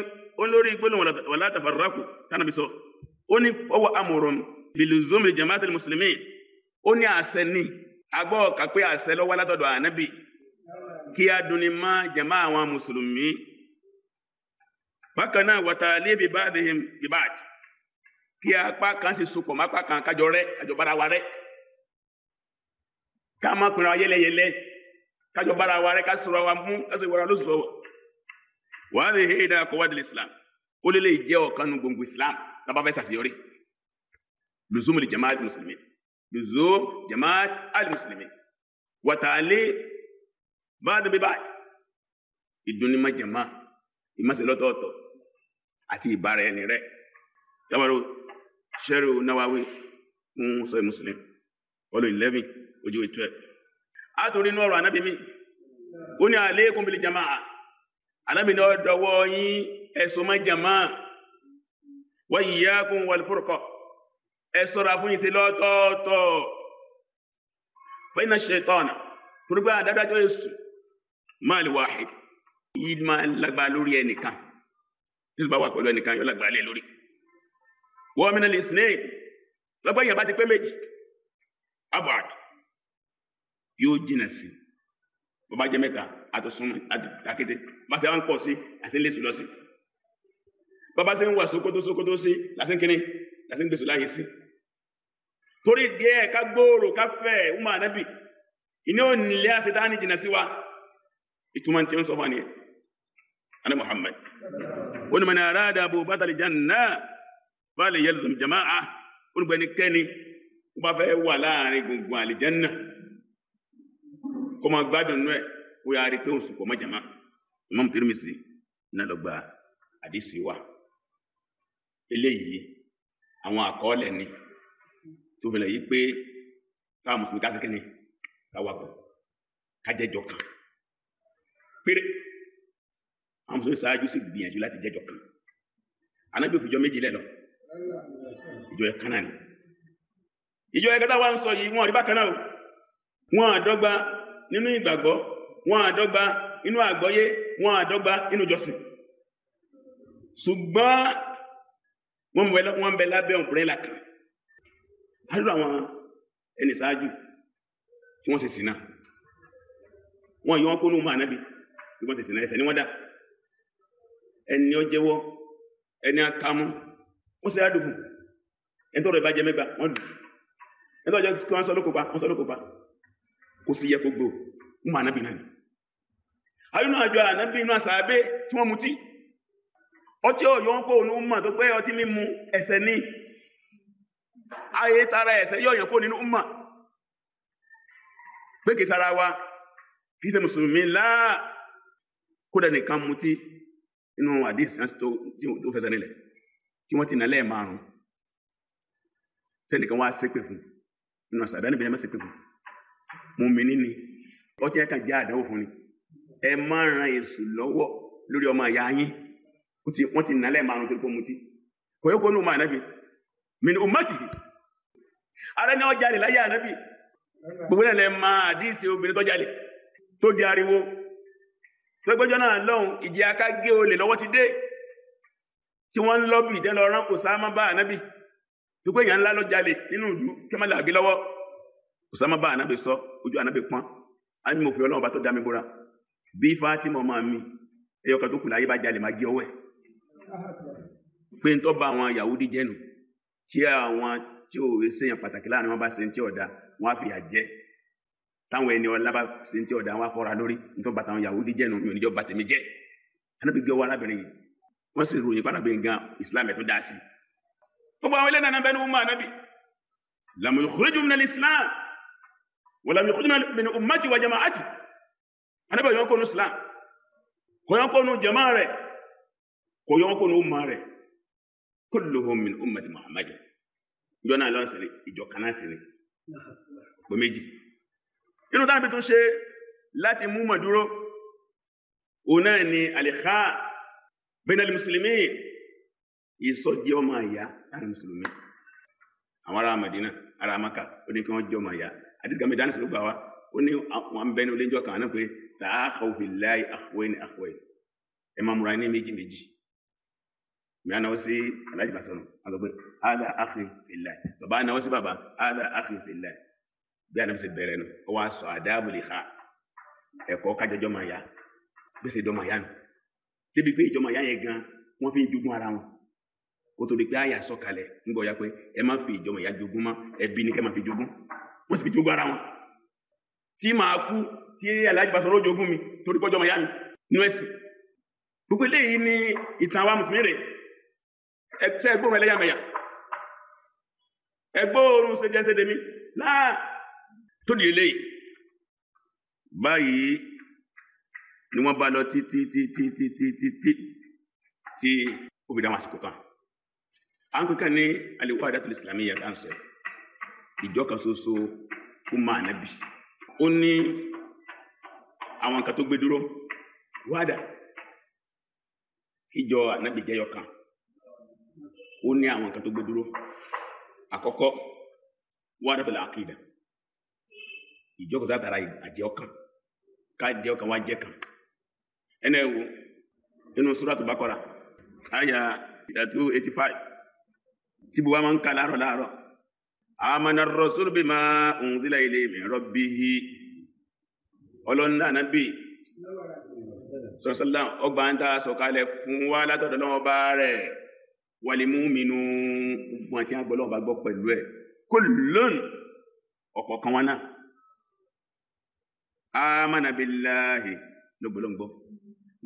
ó lórí gbólóhùn wala tafarraqu tánàbí sọ ó ní ọwọ́ amòrán biluzumi jamaatul muslimin ó ní àṣẹ ní agbọ́ kàpé àṣẹ lọ́wọ́ látọ̀dọ̀ ànábì kí a dunni mọ́ jama àwọn mùsùlùmí bákan náà wàtà lébi báàdì him ibàdì kí apá kan sì sopọ̀ mọ́ apá kan kájọ rẹ́ kájọ bára wa rẹ́ ká má pinnu ayẹlẹyẹlẹ kájọ bára wa rẹ́ ká sọ̀rọ̀ wa mú ká sọ̀rọ̀ wa ló sọ̀rọ̀ wàá lè hẹ́ ìdá kọ́wádìí lè islam ó lè lè jẹ́ ọ̀kan nu gbòǹgbò islam tábà fẹ́ sàṣeyọrí lùzùmù lè jamaat mùsùlùmí lùzùmù jamaat alimusulmi wàtàlẹ́ báyìí bí báyìí ìdúnnímọ̀jẹ̀má ìmọ̀sẹ̀lọ́tọ̀ọ̀tọ̀ àti ìbára ẹni rẹ̀ yàwárò sẹ́rù náwáwí fún sọ muslim ọlọ́ eleven ojú twelve àtúrí inú ọ̀rọ̀ anábì mi ó ní alaykum bil jamaa anábì ní yín ẹ̀sùn jamaa wa iyyakum wal furqa ẹ ṣọ́ra fún yín sí lọ́tọ̀ọ̀tọ̀ fa inna shaytana torí pé àdádájọ́ èsù máa lè wáhid yìí máa lágbára lórí ẹnìkan tí ó bá wà pẹ̀lú ẹnìkan yóò lágbára lé e lórí. wọ́n mi náà lè sinẹ́ lọ́gbọ́n yẹn bá ti pé méjì abuad yóò jìnà sí bàbá jẹ mẹ́ta àtọ̀sùnmọ́ àkété bàtà wọn pọ̀ sí àti lẹ́sùn lọ sí. bàbá sẹ́ ń wà sókótó sókótó sí lásìkínní lásìkínní láyé sí. torí díẹ̀ ká gbòòrò ká fẹ́ umar anabi ìní ò nílé àṣetá jìnà sí wa ìtumọ̀ tí ń sọ fún yẹn ana muhammad wọn mọ̀ ní aráàdà bò bàtà lè janna fàlẹ̀ yẹlẹsọ̀m jama'a wọn gbẹ ní kẹ́ni wọn bá fẹ́ wà láàrin gbùngbùn àlìjanna kọ́ máa gbádùn nù ẹ̀ ó yà á rí pé jama imam tirimisi iná lọ gba àdìsí wa eléyìí àwọn àkọọ́lẹ̀ ni tó fẹlẹ̀ pé káà mùsùlùmí ká sẹ́kẹ́ni ká wà pọ̀ kan péré àwọn mùsùlùmí ṣáájú sì gbìyànjú láti jẹ́jọ kan anábì òfìjọ méjì lẹ́lọ ìjọ ẹ̀ kánà ni ìjọ ẹ̀ kátà wá ń sọ yìí wọn rí bákan náà wọn àdọ́gba nínú ìgbàgbọ́ wọn àdọ́gba nínú àgbọ́yé wọn àdọ́gba nínú ìjọsìn ṣùgbọ́n wọ́n ń bẹ lábẹ́ ọ̀bùrẹ́là kan alúrò àwọn ẹni ṣáájú tí wọ́n ṣe sìnà wọ́n yọ wọn kó ní ọmọ ànábì bí wọ́n ti sìn ẹsẹ̀ ni wọ́n dà ẹni ó ẹni ya wọ́n ṣe àdùfù ẹni tọ́rọ ìbàjẹ́ mẹ́gbà wọ́n dù ẹni tọ́jọ́ kí wọ́n sọ pa wọ́n sọ pa kò sì yẹ kó gbò ń mọ náà ni. àjọ inú tí ọtí ni ayé tara wa kì í ṣe kódà nìkan mutí inú àdìsí náà tó fẹsẹ̀ nílẹ̀ tí wọ́n ti nà lẹ́ẹ̀ márùn-ún tẹ́nìkan wá ṣépè fún inú àṣàdá níbi ẹ̀mọ́ ṣépè fún mùmíní ni ọtí ni ẹ má ran èṣù lọ́wọ́ lórí ọmọ ìyá yín wọ́n ti nà lẹ́ẹ̀ márùn-ún tó kó mutí kò yẹ kó nù ànábì ni umati ara ni ọjà lè láyé ànábì gbogbo náà lè di ariwo lọ́gbẹ́jọ́ náà lọ́hùn ìjì aká gé olè lọ́wọ́ ti dé tí wọ́n ń lọ́bì ìjẹ́ lọ rán Usama bá ànábì tó pé èèyàn ńlá lọ jalè nínú ìlú kí wọ́n lè àgbé lọ́wọ́ bá ànábì sọ ojú ànábì pọ́n á ní mo fi ọlọ́run bá tó mi bóra bí Fatima ọmọ mi ẹyọ kan tó kù láyé bá jalè má gé pé ń tọ́ bá àwọn Yahudi jẹ́nu tí àwọn tí ò ṣèyàn pàtàkì láàrin wọn bá ṣe ọ̀dà wọn táwọn ẹni ọlá bá ṣe ń tí ọ̀dà àwọn afọ́ra lórí nítorí bàtà àwọn Yahudi jẹ́ nu ìrìnjọ bàtà mi jẹ́ anábì gbé ọwọ́ arábìnrin yìí wọ́n sì ròyìn parábìnrin gan Islam ẹ̀ tó gbogbo àwọn ilé bẹ́ẹ̀ ni wọ́n mú anábì lamu yukhrijum minal Islam wa lamu yukhrijum min ummati wa jama'ati anábì ọ̀yọ́ kọ́nu Islam kọ́yọ́ kọ́nu jama rẹ̀ kọ́yọ́ kọ́nu umma rẹ̀ kulluhum min ummati Muhammad inú tábí tún ṣe láti mú mọ̀ dúró òun náà ni àlèkà bẹ́nẹ̀lì mùsùlùmí ìsọjí ọmọ àyà láàrin mùsùlùmí àwọn ará Madina ará Maka ó ní kí wọ́n jẹ́ ọmọ àyà àdìsí gàmí dáná sílùú gbà wá ó ní àwọn ń bẹnu léjọ kan náà pé tààkàwò fìláì àkọwé ni àkọwé ẹ máa múra ní méjì méjì mi à náwó sí alájìbásọ̀nù àgbẹ̀ àdà àkè fìláì bàbá náwó sí bàbá àdà àkè fìláì bí anabi ṣe bẹ̀rẹ̀ nu ó wá sọ àdáàbò lè ha ẹ̀kọ́ kájọjọ́ máa ya gbèsè ìjọ máa ya nu débi pé ìjọ ya yẹn gan wọ́n fi ń ara wọn kó tó pé àyà sọ̀kalẹ̀ ń ya pé ẹ má fi ìjọ máa ya jogún mọ́ ẹbí ni kẹ́ máa fi jogún wọ́n sì fi jogún ara wọn tí màá kú tí aláàjì bá sọ̀rọ̀ jogún mi torí pé ìjọ ya mi nú ẹ̀sìn gbogbo eléyìí ni ìtàn àwa mùsùlùmí rè ẹgbẹ́ ẹgbẹ́ òun ẹlẹ́yàmẹ̀yà ẹgbẹ́ òun ṣe jẹ́ ṣe dèmi láà tó di eléyìí báyìí ni wọ́n bá lọ títí títí títí títí tí ó fi dáhùn àsìkò kan à ń pè kàn ní al-Wahdatul Islamiyya tá à ń sọ ìjọ kan ṣoṣo kó máa nábì ó ní àwọn nǹkan tó gbé dúró wádà kíjọ ànábì jẹyọ kan ó ní àwọn nǹkan tó gbé dúró àkọ́kọ́ wádà tó lè àkìdá ìjókòó látara àjẹ ọkàn káàdì ọkàn wa jẹ kan ẹnna ẹ wo nínú Suratu Baqara àyà ìdàtú eighty five tí buwa máa ń ka amana ar-rasulu bima unzila ilayhi min rabbihi ọlọ́nà ànábì sọ̀sọ́lá ọgbà ń ta fún wa látọ̀dọ̀ bá tí a gbọ́ lọ́wọ́ amana billahi ló gbọ́ ló ń gbọ́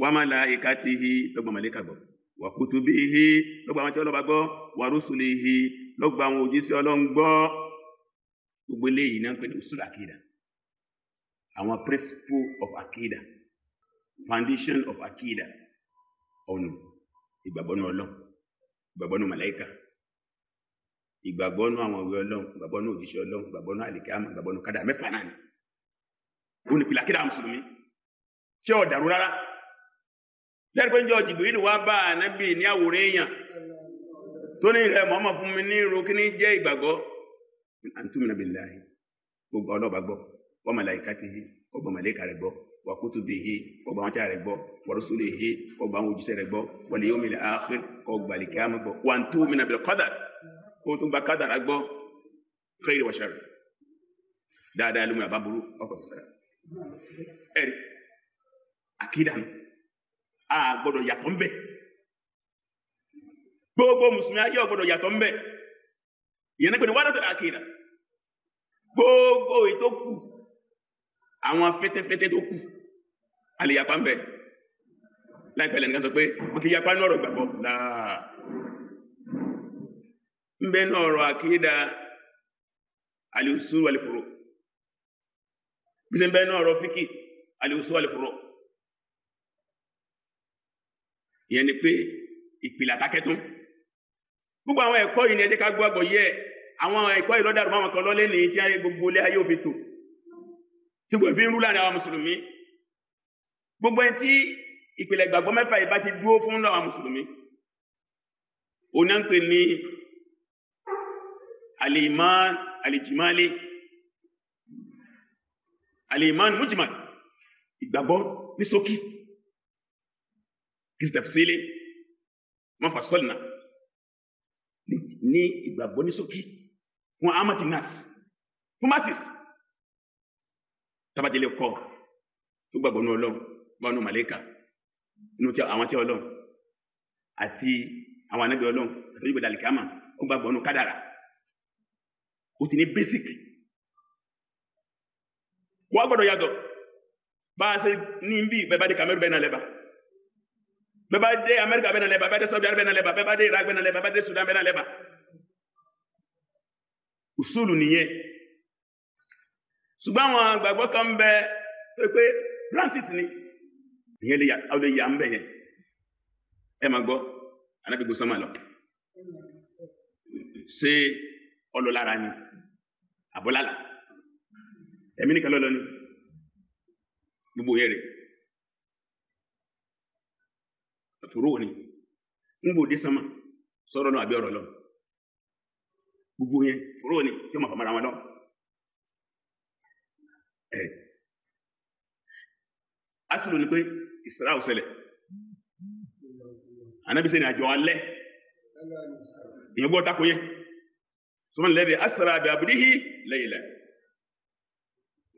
wa malaikatihi ló gbọ́ màlẹ́kà gbọ́ wa kutubihi ló gbọ́ àwọn tí ọlọ́ba gbọ́ gbogbo eléyìí náà ń pè ní usul akida àwọn principle of akida foundation of akida ọ̀nà ìgbàgbọ́ ní ọlọ́run ìgbàgbọ́ ní màláìka ìgbàgbọ́ ní àwọn òwe ọlọ́run ìgbàgbọ́ ní òjíṣẹ́ ọlọ́run ìgbàgbọ́ ní àlìkámà kádà mẹ́fà náà ni wo ni pìlàkìlà mùsùlùmí ṣé ó dàrú rárá lẹ́rìí pé ń jọ jìbìrì wá bá ànábì ní àwòrán èèyàn tó ní ilẹ̀ mọ́mọ́ fún mi ní irú kí ní jẹ́ ìgbàgbọ́ antumina billahi gbogbo ọlọ́ba gbọ́ wa malaikatihi ọgbà màláìka rẹ̀ gbọ́ wa kutubihi ọgbà wọn tí a rẹ̀ gbọ́ wa rusulihi ọgbà wọn òjíṣẹ́ rẹ̀ gbọ́ wal yawmil akhir ọgbà lè kíá gbọ́ wa antumina bil qadar kó tó gba kádàrá gbọ́ khairi wa sharri dáadáa lómi àbábúrú ọkọ̀ sọ̀rọ̀ ẹ̀rí àkídà a gbọdọ yàtọ̀ ń gbogbo mùsùlùmí ayé ọ̀gbọ́dọ̀ gbọdọ ń bẹ ìyẹn nípa ni wàdà tẹ̀lé gbogbo ètò kù àwọn fẹ́tẹ́fẹ́tẹ́ tó kù yàpá sọ pé yapa bí ṣe ń bẹ́ẹ̀ náà rọ fíkì alìwòsó alìfòrọ̀ ìyẹn ni pé ìpìlẹ̀ àtàkẹ́tún gbogbo àwọn ẹ̀kọ́ yìí ni ẹ jẹ́ ká gbọ́ àgbọ̀ yẹ àwọn ẹ̀kọ́ yìí lọ́dàrú máwọn kan lọ́lé nìyí tí ayé gbogbo ilé ayé òfin tò tí gbogbo ìfi ń rú láàrin àwọn mùsùlùmí gbogbo ẹni tí ìpìlẹ̀ ìgbàgbọ́ mẹ́fà yìí bá ti dúró fún àwọn mùsùlùmí òun náà ń pè ní alìmọ́ alìjìmọ́lé al-iman mujmal ìgbàgbọ́ ní ṣókí kí tafsili mafassalna ní ìgbàgbọ́ ní ṣókí fún amati nas fún masis tabajele kọ tó gbàgbọ́ ní ọlọ́run báwọn ní màlẹ́kà inú àwọn tí ọlọ́run àti àwọn anábì ọlọ́run àtọ́jú gbẹdàlì kàmà ó gbàgbọ́ ní kádàrà ó ti ní basic wọ́n gbọ́dọ̀ yàtọ̀ bá a ṣe ní bí bẹ́ẹ̀ bá dé Cameroon bẹ́ẹ̀ náà lẹ́bàá bẹ́ẹ̀ bá dé Amẹ́ríkà bẹ́ẹ̀ náà lẹ́bàá bẹ́ẹ̀ dé Saudi Arabia bẹ́ẹ̀ náà lẹ́bàá bẹ́ẹ̀ bá dé Iraq bẹ́ẹ̀ náà lẹ́bàá bẹ́ẹ̀ dé Sudan bẹ́ẹ̀ náà lẹ́bàá usulu nìyẹn ṣùgbọ́n àwọn àgbàgbọ́ kan bẹ pé Francis ni ìyẹn lè yà á lè yà ń bẹ̀ yẹn ẹ máa gbọ́ anábìgbò sọ́mà lọ ṣé ọlọ́lára ni àbọ́lálà ẹ̀mí nìkan lọ́lọ́ ni gbogbo yẹn rẹ̀ àfòrò ni ńgbò dé sánmà sọ̀rọ̀ náà àbí ọ̀rọ̀ lọ gbogbo yẹn fòrò ni tí wọ́n máa wọn lọ ẹ̀rì asìlò ni pé ìsirà ò ṣẹlẹ̀ anabise ni àjọ alẹ́ ìyẹn gbọ́ tako yẹ sọ́mọ́ni lẹ́dẹ̀ẹ́ asìlà àbí abudihi lẹ́yìn lẹ́yìn.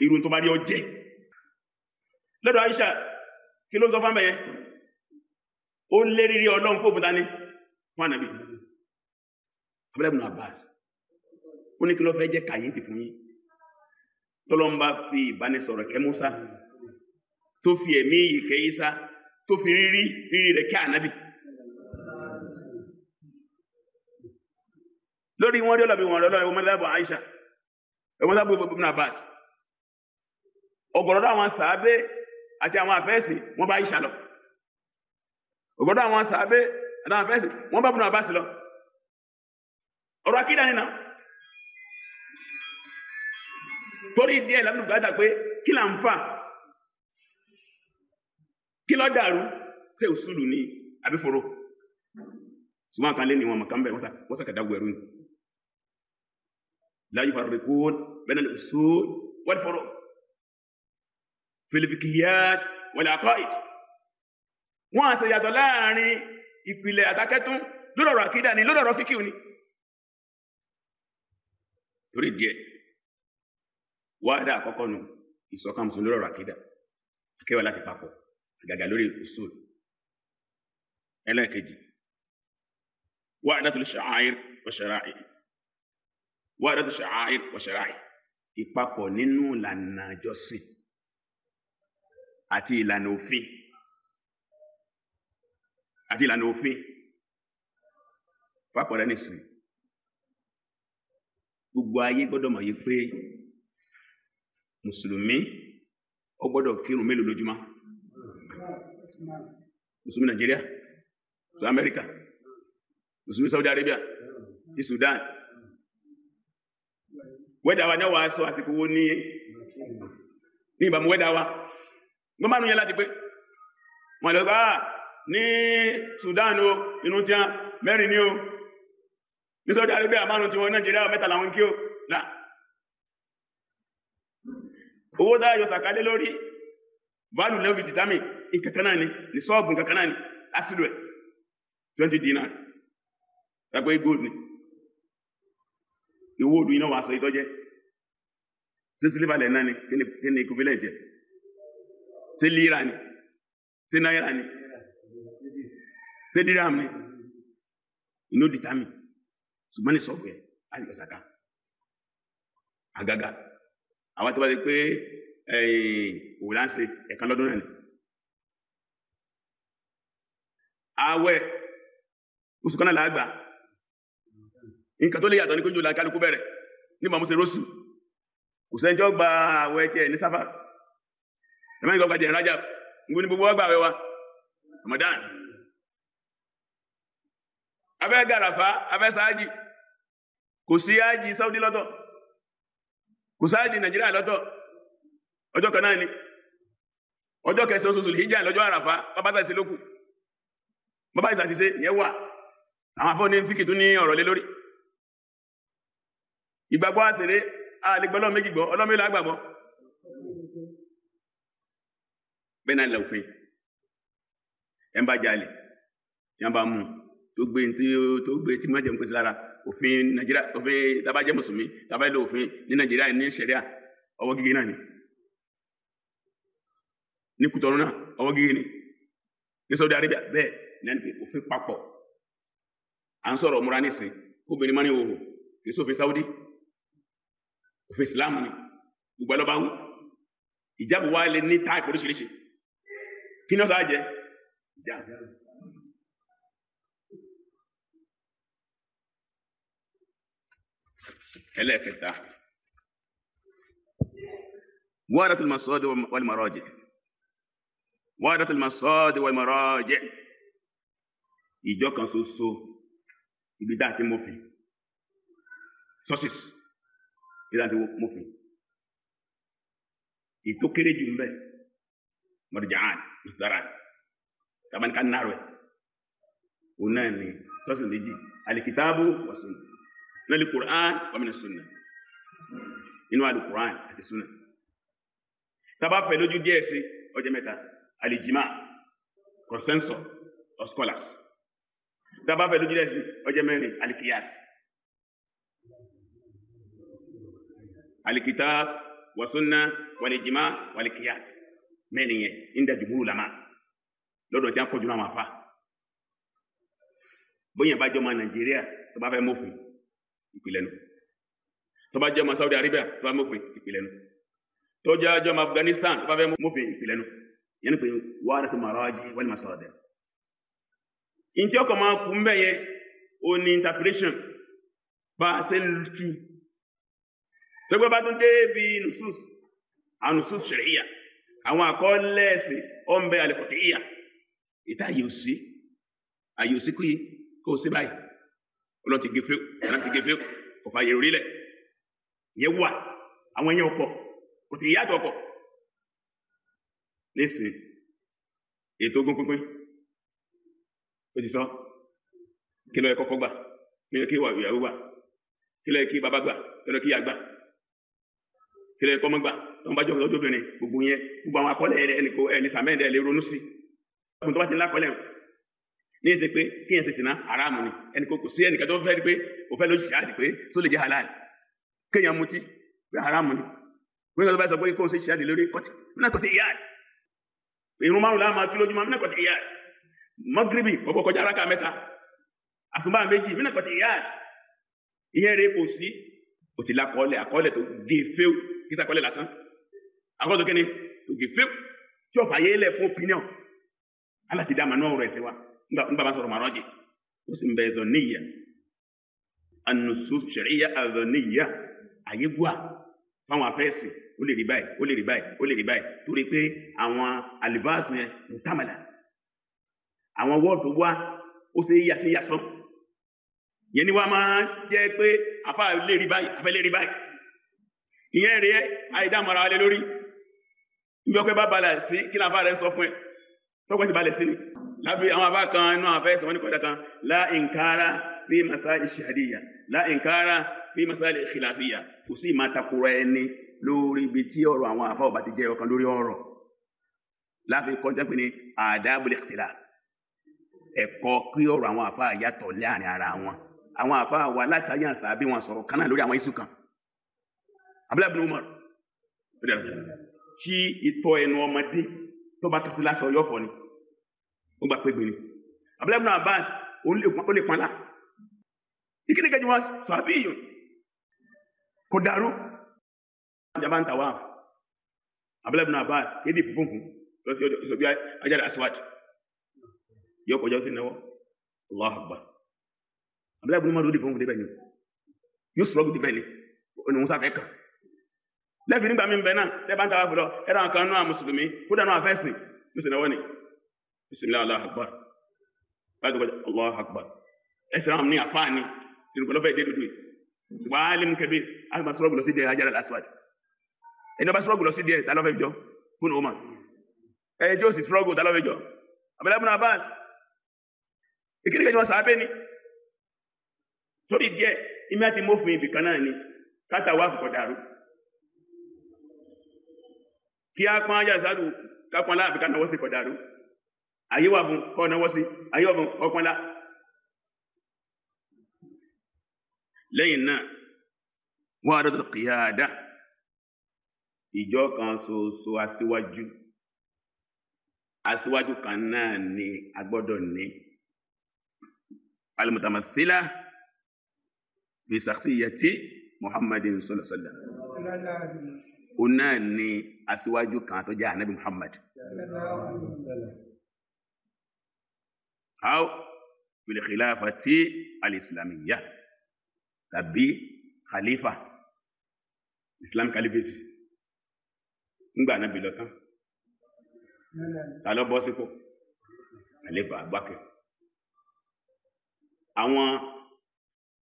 Iru tó bá rí Aisha kí ló ń sọ fún amẹ́yẹ ó ń lé rírí ọlọ́run kó òkúta ní fún ànàbì abúlébùn Abbas ó ní kí ló fẹ́ jẹ́ kàyéfì fún fi ìbánisọ̀rọ̀ kẹ́ Musa tó fi ẹ̀mí ìkẹ́ Isa tó fi rírí rírí rẹ̀ kẹ́ ànàbì lórí wọn rí wọn rí wọn rí ọ̀gọ̀rọ̀ àwọn sàábé àti àwọn àfẹ́sì wọ́n bá Aisha lọ ọ̀gọ̀rọ̀ àwọn sàábé àti àwọn àfẹ́sì wọ́n bá Ibn Abbas lọ ọ̀rọ̀ akídà nínà torí díẹ̀ lábínú gbádà pé kí là ń fà kí lọ́ dàrú tẹ́ ò sùlù ní àbífòrò ṣùgbọ́n àkànlé ni wọn mọ̀kàn bẹ́ẹ̀ wọ́n sàkàdá gbẹ̀rú ni láyé fara rẹ̀ kó bẹ́ẹ̀ náà lè so wọ́n fọ́rọ̀ filifikiyat wal-aqaid wọ́n á ṣe yàtọ̀ láàrin ìpìlẹ̀ àtàkẹ́tún lórí ọ̀rọ̀ àkídà ni lórí ọ̀rọ̀ fíkìú ni torí díẹ̀ wáàdà àkọ́kọ́ nu ìṣọ̀kan mùsùlùmí lórí ọ̀rọ̀ àkídà akẹwà láti papọ̀ àgàgà lórí usul ẹlẹ́ẹ̀kejì wa'datul sha'air wa shara'i wa'datul sha'air wa shara'i ìpapọ̀ nínú ìlànà ìjọsìn àti ìlànà òfin àti ìlànà òfin fàpọ̀rẹ́ nìsín gbogbo ayé gbọ́dọ̀ mọ̀ yìí pé mùsùlùmí ó gbọ́dọ̀ kírun mélòó lójúmọ́ mùsùlùmí Nàìjíríà South America mùsùlùmí Saudi Arabia ti Sudan wẹ́dà wa náà wàá sọ àsìkò wo ní ní ìbámu wẹ́dà wa gbọ́n márùn yẹ láti pé wọ́n lọ bá ní Sudan o inú tí wọ́n mẹ́rin ní o ní Saudi Arabia márùn tí wọ́n Nàìjíríà mẹ́ta làwọn kí o là owó dáa yọ sàkálé lórí báàlù lẹ́wọ̀ ìdìdámì nkankan náà ni ní sọ́ọ̀bù nkankan náà ni asìlù ẹ̀ twenty dinar ẹgbẹ́ gold ni ìwọ́ọ̀dù iná wàásù ìtọ́jẹ́ sísílẹ̀ balẹ̀ náà ni kí ni kí ni equivalent yẹ. Se lira ni se náírà ni se dirham ni inú dìtà mi ṣùgbọ́n ní sọ̀bù yẹn a lè gbèsàkà àgàgà àwọn tó bá ti pé òwúlà ń ṣe ẹ̀ka lọ́dún náà ni. àwẹ̀ oṣù kan náà làá gbà nǹkan tó lè yàtọ̀ ní kójú la kálukú bẹ̀rẹ̀ nígbà mo ṣe rọ́ṣù kò sẹ́ni gba àwẹ̀ tiẹ̀ ní sáfà. emeghị gbọ́gbà dị rájà ngbó ní gbogbo ọgbà wẹwa Ramadan abẹ́ gàràfà abẹ́ sáájì kò sí ájì Saudi lọ́tọ̀ kò sáájì Nàìjíríà lọ́tọ̀ ọjọ́ kan náà ni ọjọ́ kẹsàn oṣooṣù hijab lọ́jọ́ àràfà bàbá sàṣìṣe lókù bàbá sàṣìṣe yẹn Papa àwọn afọ́ ní fíkì tún ní ọ̀rọ̀ lé lórí ìgbàgbọ́ àgbàgbọ́ bẹ́ẹ̀ náà lòfin ẹ̀ ń bá jalè tí wọ́n bá mú tó gbé tó gbé tí má jẹun pèsè lára òfin nàìjíríà òfin tabajẹ́ mùsùlùmí tabajẹ́ òfin ní nàìjíríà ní ṣẹ̀ríà ọwọ́ gígé náà ni ní kùtọ́nù náà ọwọ́ gígé ni ní Saudi Arabia bẹ́ẹ̀ náà ni òfin papọ̀ à ń sọ̀rọ̀ múra nísìn kóbìnrin máa ní òhò kì í sófin Saudi òfin Islam ni gbogbo ẹ̀ lọ́ba wú ìjábọ̀ wa lè ní táìpù oríṣiríṣi kí ni ó sáà jẹ ìjà ẹlẹ́ẹ̀kẹta wadatul masadi wal maraji wadatul masadi wal maraji ìjọ kan ṣoṣo ibi dáàtí mọ́fin sources ibi dáàtí mọ́fin ètò kéré jù ń bẹ́ẹ̀ مرجعان مصدران كمان كان ناروي ونامي ساس نجي الكتاب والسنة من القرآن ومن السنة إنه القرآن أتى السنة تبا فلو جو ديسي أو جمتا الإجماع consensus of scholars tàbá fẹ́ lójú lẹ́sìn ọjọ́ mẹ́rin alikiyas alikitab wasunna walijima walikiyas náà nìyẹn ń jùmúrù làmà lọ́dọ̀ tí a pọ̀ náà máa fà bóyá bá jọmọ nàìjíríà tó bá fẹ́ mọ̀fin ìpìlẹ̀ nù tó Saudi Arabia tó bá mọ̀fin ìpìlẹ̀ nù tó Afghanistan tó bá fẹ́ mọ̀fin ìpìlẹ̀ nù yẹn ni pé tó máa wọ́n máa sọ̀rọ̀ dẹ̀. ọkọ̀ máa kú mbẹ́ àwọn àkọọ́lẹ̀ ẹ̀sìn ọmọbẹ alẹ́kọ̀tẹ́ ìyà ìta àyè òsì àyè òsì kò yí kò sí báyìí ọlọ́run ti gé fẹ́ ọlọ́run ti gé fẹ́ kò fà yẹ̀rọ orílẹ̀ yẹ wà àwọn ẹ̀yẹ ọ̀pọ̀ kò ti yàtọ̀ ọ̀pọ̀ nísìn ètò ogún pínpín ó ti sọ kí ló yẹ gbà kí ló kí ìyàwó gbà kí ló kí bàbá gbà kí ló kí ìyá gbà kí ló yẹ kọ́mọ gbà. tó ń bá jọkùnrin lọ́jọ́ obìnrin gbogbo yẹn gbogbo àwọn akọ́lẹ̀ ẹnìkó ẹni sàmẹ́ẹ̀dẹ́ lè ronú sí ọkùnrin tó bá ti ní ẹsẹ̀ pé kí ẹsẹ̀ sìnà haramu ni ẹnìkó kò sí ẹnìkan tó fẹ́ pé ò fẹ́ lójijì àdì pé tó lè jẹ́ halal kéèyàn mutí pé ni bá sọ pé o ṣe ṣíyàdì lórí kọ́tì mínà kọ́tì iyad márùn kọjá àsùnbà o akọ́tọ̀ kẹ́ni tòkè fíw tí ọ̀fà yé lẹ̀ fún opinion Allah ti dá màánú ọ̀rọ̀ ẹ̀sìn wa nígbà bá sọ̀rọ̀ màánú ọ̀jẹ̀ ó sì ń bẹ ẹ̀dọ̀níyà an-nusus shar'iyya ẹ̀dọ̀níyà àyégúà fáwọn afẹ́ẹ̀sìn ó lè rí báyìí ó lè rí báyìí ó lè rí báyìí torí pé àwọn alibas yẹn ń tàmàlà àwọn wọ́ọ̀dù tó ó ṣe é yasí yasán yẹn ni wàá máa jẹ́ pé afá lè rí báyìí afẹ́ lè rí báyìí ìyẹn rèé àìdámọ̀ra wa lé lórí níbi ọpẹ bá balẹ̀ sí kí ni àfáà rẹ sọ fún ẹ tọpẹ ti balẹ̀ sí ni láfi àwọn àfáà kan inú àfáà ẹsẹ wọn ní kọjá kan la nkara bí masa ìṣàdíyà la nkara bí masa ìṣìláfíyà kò sí ìmọ̀ àtakùrọ̀ ẹni lórí ibi tí ọ̀rọ̀ àwọn àfáà ọba ti jẹ́ ọ̀kan lórí ọ̀rọ̀ láfi kọjá pé ni àdábùlẹ̀ tìlà ẹ̀kọ́ kí ọ̀rọ̀ àwọn àfáà yàtọ̀ láàrin ara wọn àwọn àfáà wa látàyà sàbí wọn sọ̀rọ̀ kan náà lórí àwọn isu kan abúlé abúlé umar tí ìtọ̀ ẹnu ọmọdé tó bá tẹ̀sí lásán yóò fọ ni ó gbà pé gbèrè abúlé ibùdó Abbas ó lè pọn lá ìkíni kejì wọn sọ àbíyàn kò dàrú jaba ń ta wá abúlé ibùdó Abbas kéde funfun lọ sí ọjọ́ bí ajáde aswad yóò kọjá sí náwó Allahu Akbar abúlé ibùdó mọ́tò ó di funfun débẹ̀ ni yóò sọ̀rọ̀ débẹ̀ ni ònà òun sáfẹ́ kàn. lẹ́bi nígbà mi ń bẹ náà ń tàwa fúlọ ẹ̀rọ nǹkan náà mùsùlùmí kódà náà mùsùlùmí ni bisimilá akbar báyìí gbọ́dọ̀ Allahu akbar ní àfáà ni tinubu lọ́fẹ̀ẹ́ dé dúdú yìí wàhálì mu kẹbi àgbà sọ́ọ́gù lọ sí díẹ̀ Hajar al ẹni sí talọ́fẹ́ jọ ọmọ talọ́fẹ́ jọ kí á pọn ajá ìsádùn ká pọn láàbí ká náwó sí kọ̀dàrú ayé wà fún kọ́ náwó sí ayé wà fún ọpọlá. lẹ́yìn náà wọ́n adọ́tò kìyàdá ìjọ kan ṣoṣo aṣíwájú aṣíwájú kan náà ni a gbọ́dọ̀ ní alimutamathila fi shakhsiyati muhammadin sallallahu o náà ni aṣíwájú kan tó jẹ́ anabi muhammad. aw bil khilafati al-islamiyya tàbí khalifa islam kalifacy ńgbà anabi lọ tán ta ló bọ́ sípò khalifa abubakar àwọn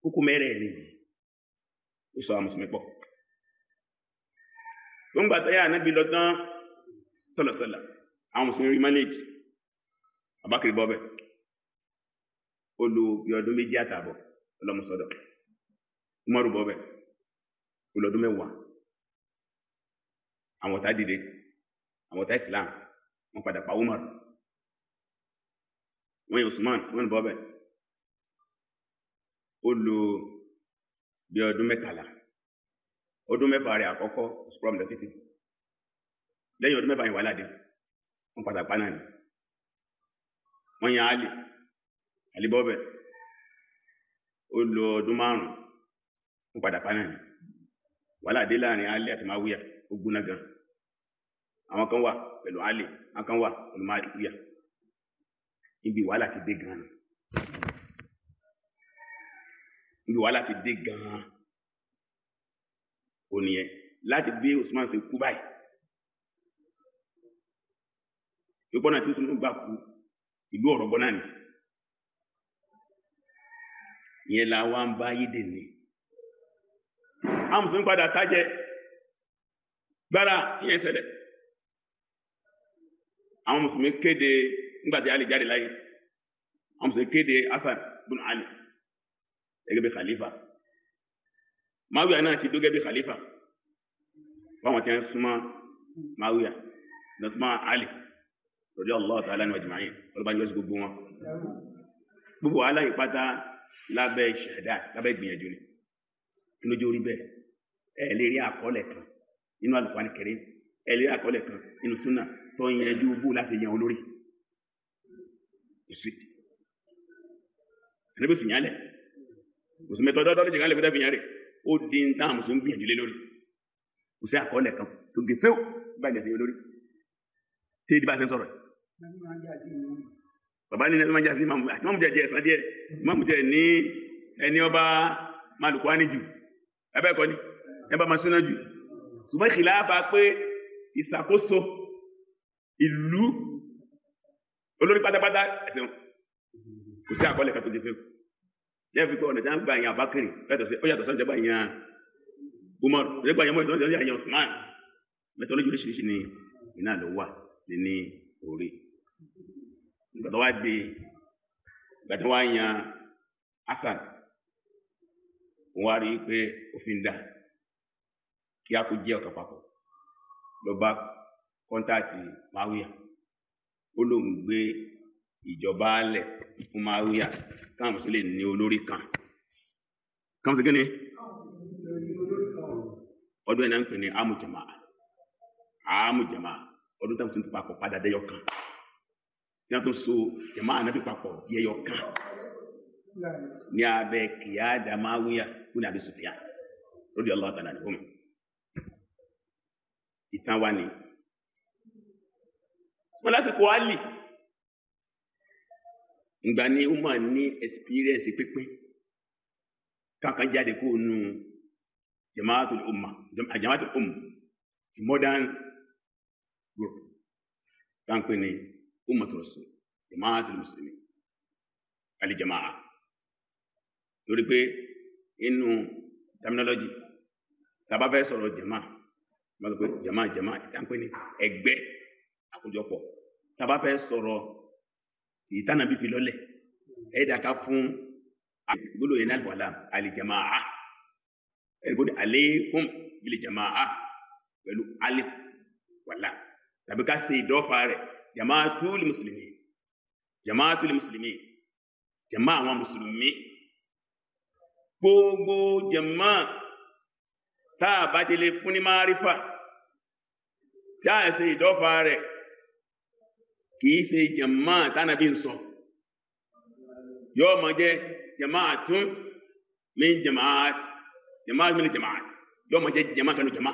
kókó mẹ́rẹ̀ẹ̀rin yìí ó sọ àwọn mùsùlùmí pọ̀ ó ń gbà táyà ànábì lọ tán sọ̀lọ̀sọ̀lọ̀ àwọn mùsùlùmí rí mánéèjì abákiri bọ́bẹ̀ ó lo bí ọdún méjì àtààbọ̀ ọlọ́mùsọ̀dọ̀ umaru bọ́bẹ̀ ó lọ ọdún mẹ́wàá àwọn ọ̀tá dìde àwọn ọ̀tá islam wọ́n padà pa umaru wọ́n yẹ usman usman bọ́bẹ̀ ó mẹ́tàlá ọdún mẹ́fà rẹ̀ àkọ́kọ́ oṣù pọ́ọ̀mù lọ títí lẹ́yìn ọdún mẹ́fà ìwà ládé wọ́n padà pa náà ni wọ́n yan Ali alibọ́bẹ̀ ó lo ọdún márùn wọ́n padà pa náà ni wàhálà dé láàrin Ali àti Muawiya ó gbóná gan àwọn kan wà pẹ̀lú Ali àwọn kan wà pẹ̀lú Muawiya ibi wàhálà ti dé gan ibi wàhálà ti dé gan ó nìyẹn láti bí Usman ṣe kú báyìí ìpọ́nà tí Usman gbà kú ìlú ọ̀rọ̀gbọ́n náà ni ìyẹn la bá yídè ní padà tájẹ gbára tí yẹn ṣẹlẹ̀ àwọn mùsùlùmí kéde nígbàtí Ali jáde láyé àwọn mùsùlùmí kéde Hasan Ali gẹ́gẹ́ khalifa Mawiya náà ti dógẹ́ bí khalifa báwọn ti ń súnmọ́ Mawiya ní súnmọ́ Ali radiyallahu ta'ala anhu ajma'in ọlọ́bàjọ́ sí gbogbo wọn gbogbo aláìpátá lábẹ́ shahadat lábẹ́ ìgbìyànjú ni kí ló jẹ́ orí bẹ́ẹ̀ ẹ lè rí àkọọ́lẹ̀ kan nínú Al-Qur'an Karim ẹ lè rí àkọọ́lẹ̀ kan nínú súnà tó ń yẹjú bú láti yan olórí kò ẹni bí sùn yálẹ̀ kò sí mẹtọdọdọ ló jẹ kálẹ kó tẹ fi yan rẹ ó di ń tá àmùsùn ń gbìyànjú lé lórí kò sí àkọọ́lẹ̀ kan tó gé fẹ́ gbà jẹ̀ sí yẹn lórí tí ìdí bá ṣe ń sọ̀rọ̀ bàbá ní ẹni máa ń jà sí ìmáàmù àti ìmáàmù jẹjẹ ẹ̀sán díẹ̀ ìmáàmù jẹ ní ẹni ọba malùkù á ní jù ẹbẹ́ ẹ̀kọ́ ni ẹ bá máa súná jù ṣùgbọ́n ìkìlá bá pé ìṣàkóso ìlú olórí pátápátá ẹ̀sìn kò sí àkọọ́lẹ̀ kan tó gé fẹ́ lẹ́ẹ̀fi pé ọ̀nà tí wọ́n gba yẹn Abakiri yàtọ̀ sí ọ̀yàtọ̀ sọ́nà ìjọba yẹn Umar ìjọba yẹn mọ́ ìjọba yẹn Usman mẹtọ́lójú oríṣiríṣi ni iná ló wà ní orí ìgbà tó wá di ìgbà tó wá yan Hasan òun wá rí i pé òfin dà kí a kó jẹ́ ọ̀kan papọ̀ lọ bá kọ́ńtáàtì Máwíyà ó lóun gbé ìjọba alẹ̀ umaruya káwọn kan. lè ní olórí kan káwọn sì kíni ọdún ẹ̀nà ń pè ní amujama amujama ọdún táwọn sì ń papọ̀ padà kan tí wọ́n tún so jama ànábì papọ̀ yẹyọ kan ní abẹ́ kìyàdá máwúyà kúnlẹ̀ àbí sùfìyà lórí ọlọ́wọ́ nìkú mi ìtàn wa ni wọn lásìkò alì ìgbà ni ó máa ní experience pínpín kankan jáde kó nu jamaatul umma jamaatul umma modern group kankan ni ummatul rasul jamaatul muslimin alijamaa torí pé inú terminology tàbá fẹ́ sọ̀rọ̀ jama jama jama ìtànpẹ́ ni ẹgbẹ́ àkójọpọ̀ tàbá fẹ́ sọ̀rọ̀ èyí tánà bí fi lọ́lẹ̀ ẹ̀dá ká fún gbọ́dọ̀ yẹn náà wàhálà alìjàmáà ẹ̀dùkú ní aleikum bilìjàmáà pẹ̀lú alif wàhálà tàbí ká ṣe ìdọ́fà rẹ̀ jamaatul mùsùlùmí jamaatul mùsùlùmí jamaa àwọn mùsùlùmí gbogbo jamaa tá a bá ti lè fún ní márífà tá a ṣe ìdọ́fà rẹ̀ kìí ṣe jama tánàbí ń sọ yóò máa jẹ jamaatun min jamaat jamaat min jamaat yóò máa jẹ jama kanu jama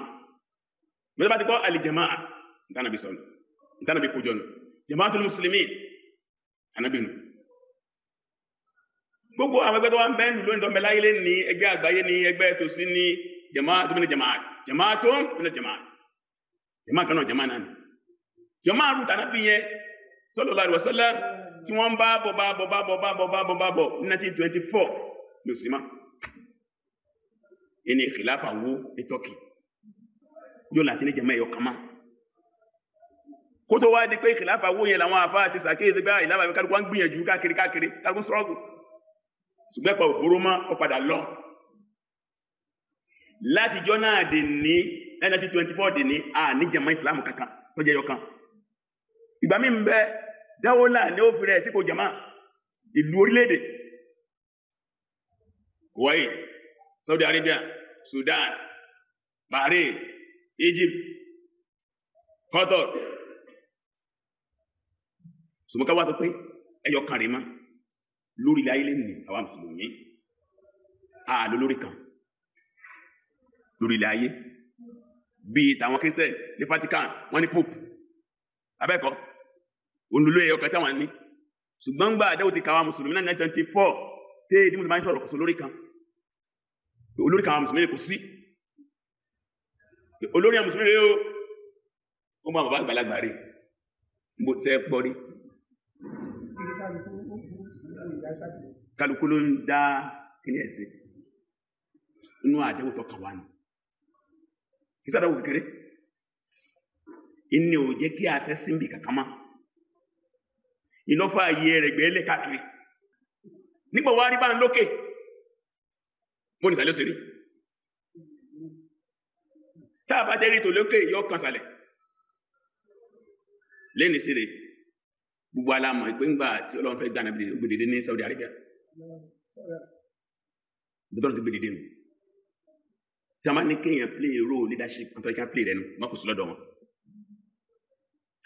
mẹta bá ti kọ alijamaa ntánàbí sọnù ntánàbí kojọ nù jamaatul muslimin anabi nù gbogbo àwọn ẹgbẹ́ tó wà ń bẹ́ẹ̀ lónìí tó ń bẹ láyé lé ní ẹgbẹ́ àgbáyé ní ẹgbẹ́ tòsí ní jamaatun min jamaat jamaatun min jamaat jama kanu sallallahu alaihi wasallam tí wọ́n bá bọ̀ bá bọ̀ bá bọ̀ bá bọ̀ bá bọ̀ bá bọ̀ ní 1924 ló sì má ẹni khilafa wo ní Turkey yóò láti ní jẹmọ́ ẹ̀yọ kan mọ́ kótó wá di pé khilafa wo yẹn làwọn afa àti sàkéyèsí bá ìlànà àbí kálukú wá ń gbìyànjú káàkiri káàkiri kálukú sọ́ọ̀gù ṣùgbọ́n ẹ̀pọ̀ òbúrú mọ́ ọ padà lọ látijọ́ náà dè ní 1924 dè ní àníjẹmọ́ ìsìlámù kankan tó jẹyọ kan ìgbà mi ń bẹ dáwọ́là ní ó fi rẹ̀ sípò jama ìlú orílẹ̀-èdè Kuwait Saudi Arabia Sudan Bahrain Egypt Qatar sùmọ́ká wá sọ pé ẹyọ kan rèé má lórí ilé ayé lè nì àwa mùsùlùmí àlọ́ lórí kan lórí ilé ayé bíi tàwọn Christian ní Vatican wọ́n ní pope abẹ́kọ̀ olùlú ẹ̀yọ kan táwọn ní ṣùgbọ́n gbà àdáwò ti kàwà mùsùlùmí náà 1924 tí èdè mùsùlùmí máa ń sọ̀rọ̀ kò sí olórí kan olórí kàwà mùsùlùmí kò sí olórí àwọn mùsùlùmí rèé o ó máa bàbá àgbàlagbà rè bó tẹ́ pọ́ rí kálukú ló ń dá kíní ẹ̀sìn inú àdáwò tó kàwà nù ìní ò jẹ́ kí àṣẹ síbi kankan mọ́ ìlọ́fà ayé rẹ̀ gbẹ́lẹ̀ káàkiri nígbà wá rí bá ń lókè mo nìsàlẹ̀ òsèré tá a bá jẹ́ rí tòlókè yọ kan sàlẹ̀ lẹ́ni sí rè gbogbo alamọ̀ ìpéǹgbà tí ọlọ́run fẹ́ gánà gbèdéde ní Saudi Arabia gbẹdọ́n ti gbèdéde nù tí a máa ní kéèyàn play role leadership kan tó play rẹ̀ nù wọ́n kò wọn.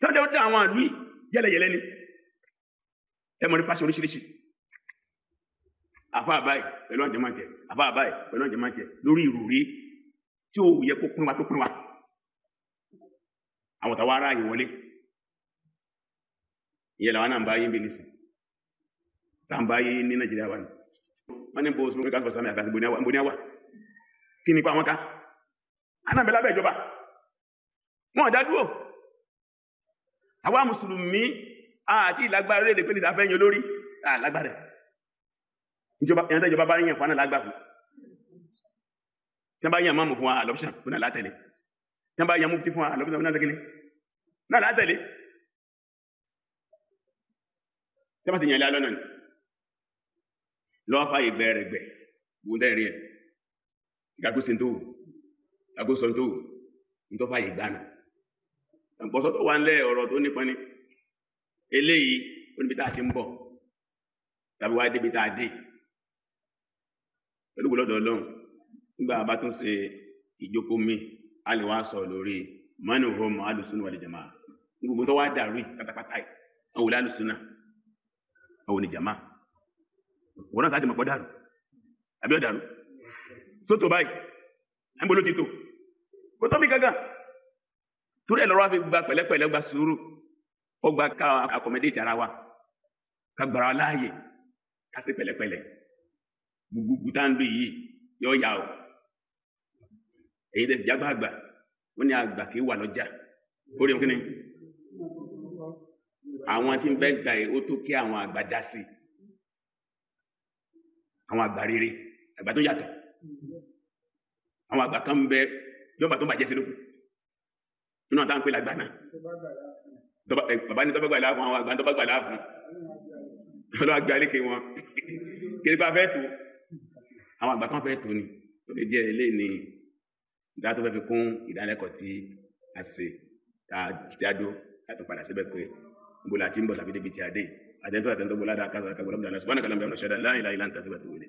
tọ́jú ọdún àwọn àlùí yẹlẹyẹlẹ ni ẹ mọ̀ ní fásitì oríṣiríṣi àfa àbáyé pẹ̀lú ọ̀jẹ̀ máa tẹ̀ àfa àbáyé pẹ̀lú ọ̀jẹ̀ máa tẹ̀ lórí ìròrí tí ò yẹ kó pín wa tó pín wa àwọn tàwa ara ìwọlé ìyẹn làwọn náà ń bá yé bí nísìn tá à ń bá yé ní nàìjíríà wa ni wọn ní bóòsù lórí káńtò sàmì àkàsì bóníáwá kí ni pa wọn ká anábẹ́lábẹ́ ìjọba wọn ò dá dúró àwa mùsùlùmí àti ìlágbára rẹ̀ pé nìsà fẹ́yìn olórí àlágbára ìyàn tẹ́jọba bá yàn fún alágbà fún tí wọ́n bá yàn mọ́mù fún alọ́pṣàn fún alátẹ̀lé tí wọ́n bá yàn mufti fún alọ́pṣàn fún alátẹ̀lé náà látẹ̀lé tí wọ́n ti yàn lé alọ́nà ni lọ́wọ́ fa ìbẹ̀rẹ̀ gbẹ̀ wọ́n tẹ́rì ẹ̀ kí kàkó sentó kàkó sentó ń tọ́ fa ìgbà náà ẹ̀pọ̀sọ́ tó wà ń lẹ́ ọ̀rọ̀ tó nípa ni eléyìí a ti ń bọ̀ tàbí wá débi dé pẹ̀lú gbọ́dọ̀ ọlọ́run nígbà bá tún mi a lè sọ lórí alùsùn wà lè gbogbo tó wá dàrú pátápátá yìí àwọn olè alùsùn náà àwọn olè jẹ̀mà náà sáà ti mọ̀ pọ̀ dàrú àbí sótò báyìí ń torí ẹ̀ lọ́rọ̀ wa fi gba pẹ̀lẹ́pẹ̀lẹ́ gba sùúrù ó gba ká accommodate ara wa ká gbara láàyè ká sí pẹ̀lẹ́pẹ̀lẹ́ gbogbo tá ń lò yìí yọ ya o èyí tẹ̀sí jágbá àgbà ó ní àgbà kì wà lọ́jà ó rí kíni àwọn tí ń bẹ́ gba ẹ̀ ó tó kí àwọn àgbà dá sí àwọn àgbà rere àgbà tó yàtọ̀ àwọn kan ń bẹ yọ̀bà tó bàjẹ́ nínú àtàwọn pé làgbà náà bàbá ní tọ́gbàgbà ìlà fún àwọn àgbà tọ́gbàgbà ìlà fún ọlọ́ àgbà lékè wọn kiri bá fẹ́ tó àwọn àgbà kan fẹ́ tó ni ó lè díẹ̀ lé ní ìdá tó fẹ́ fi kún ìdánilẹ́kọ̀ọ́ tí a ṣe tá a dó láti padà síbẹ̀ pé gbogbo la ti ń bọ̀ sàbídébi tí a dé àtẹ̀ntọ́ àtẹ̀ntọ́ gbọ́ládàá kásán kagbọ́lá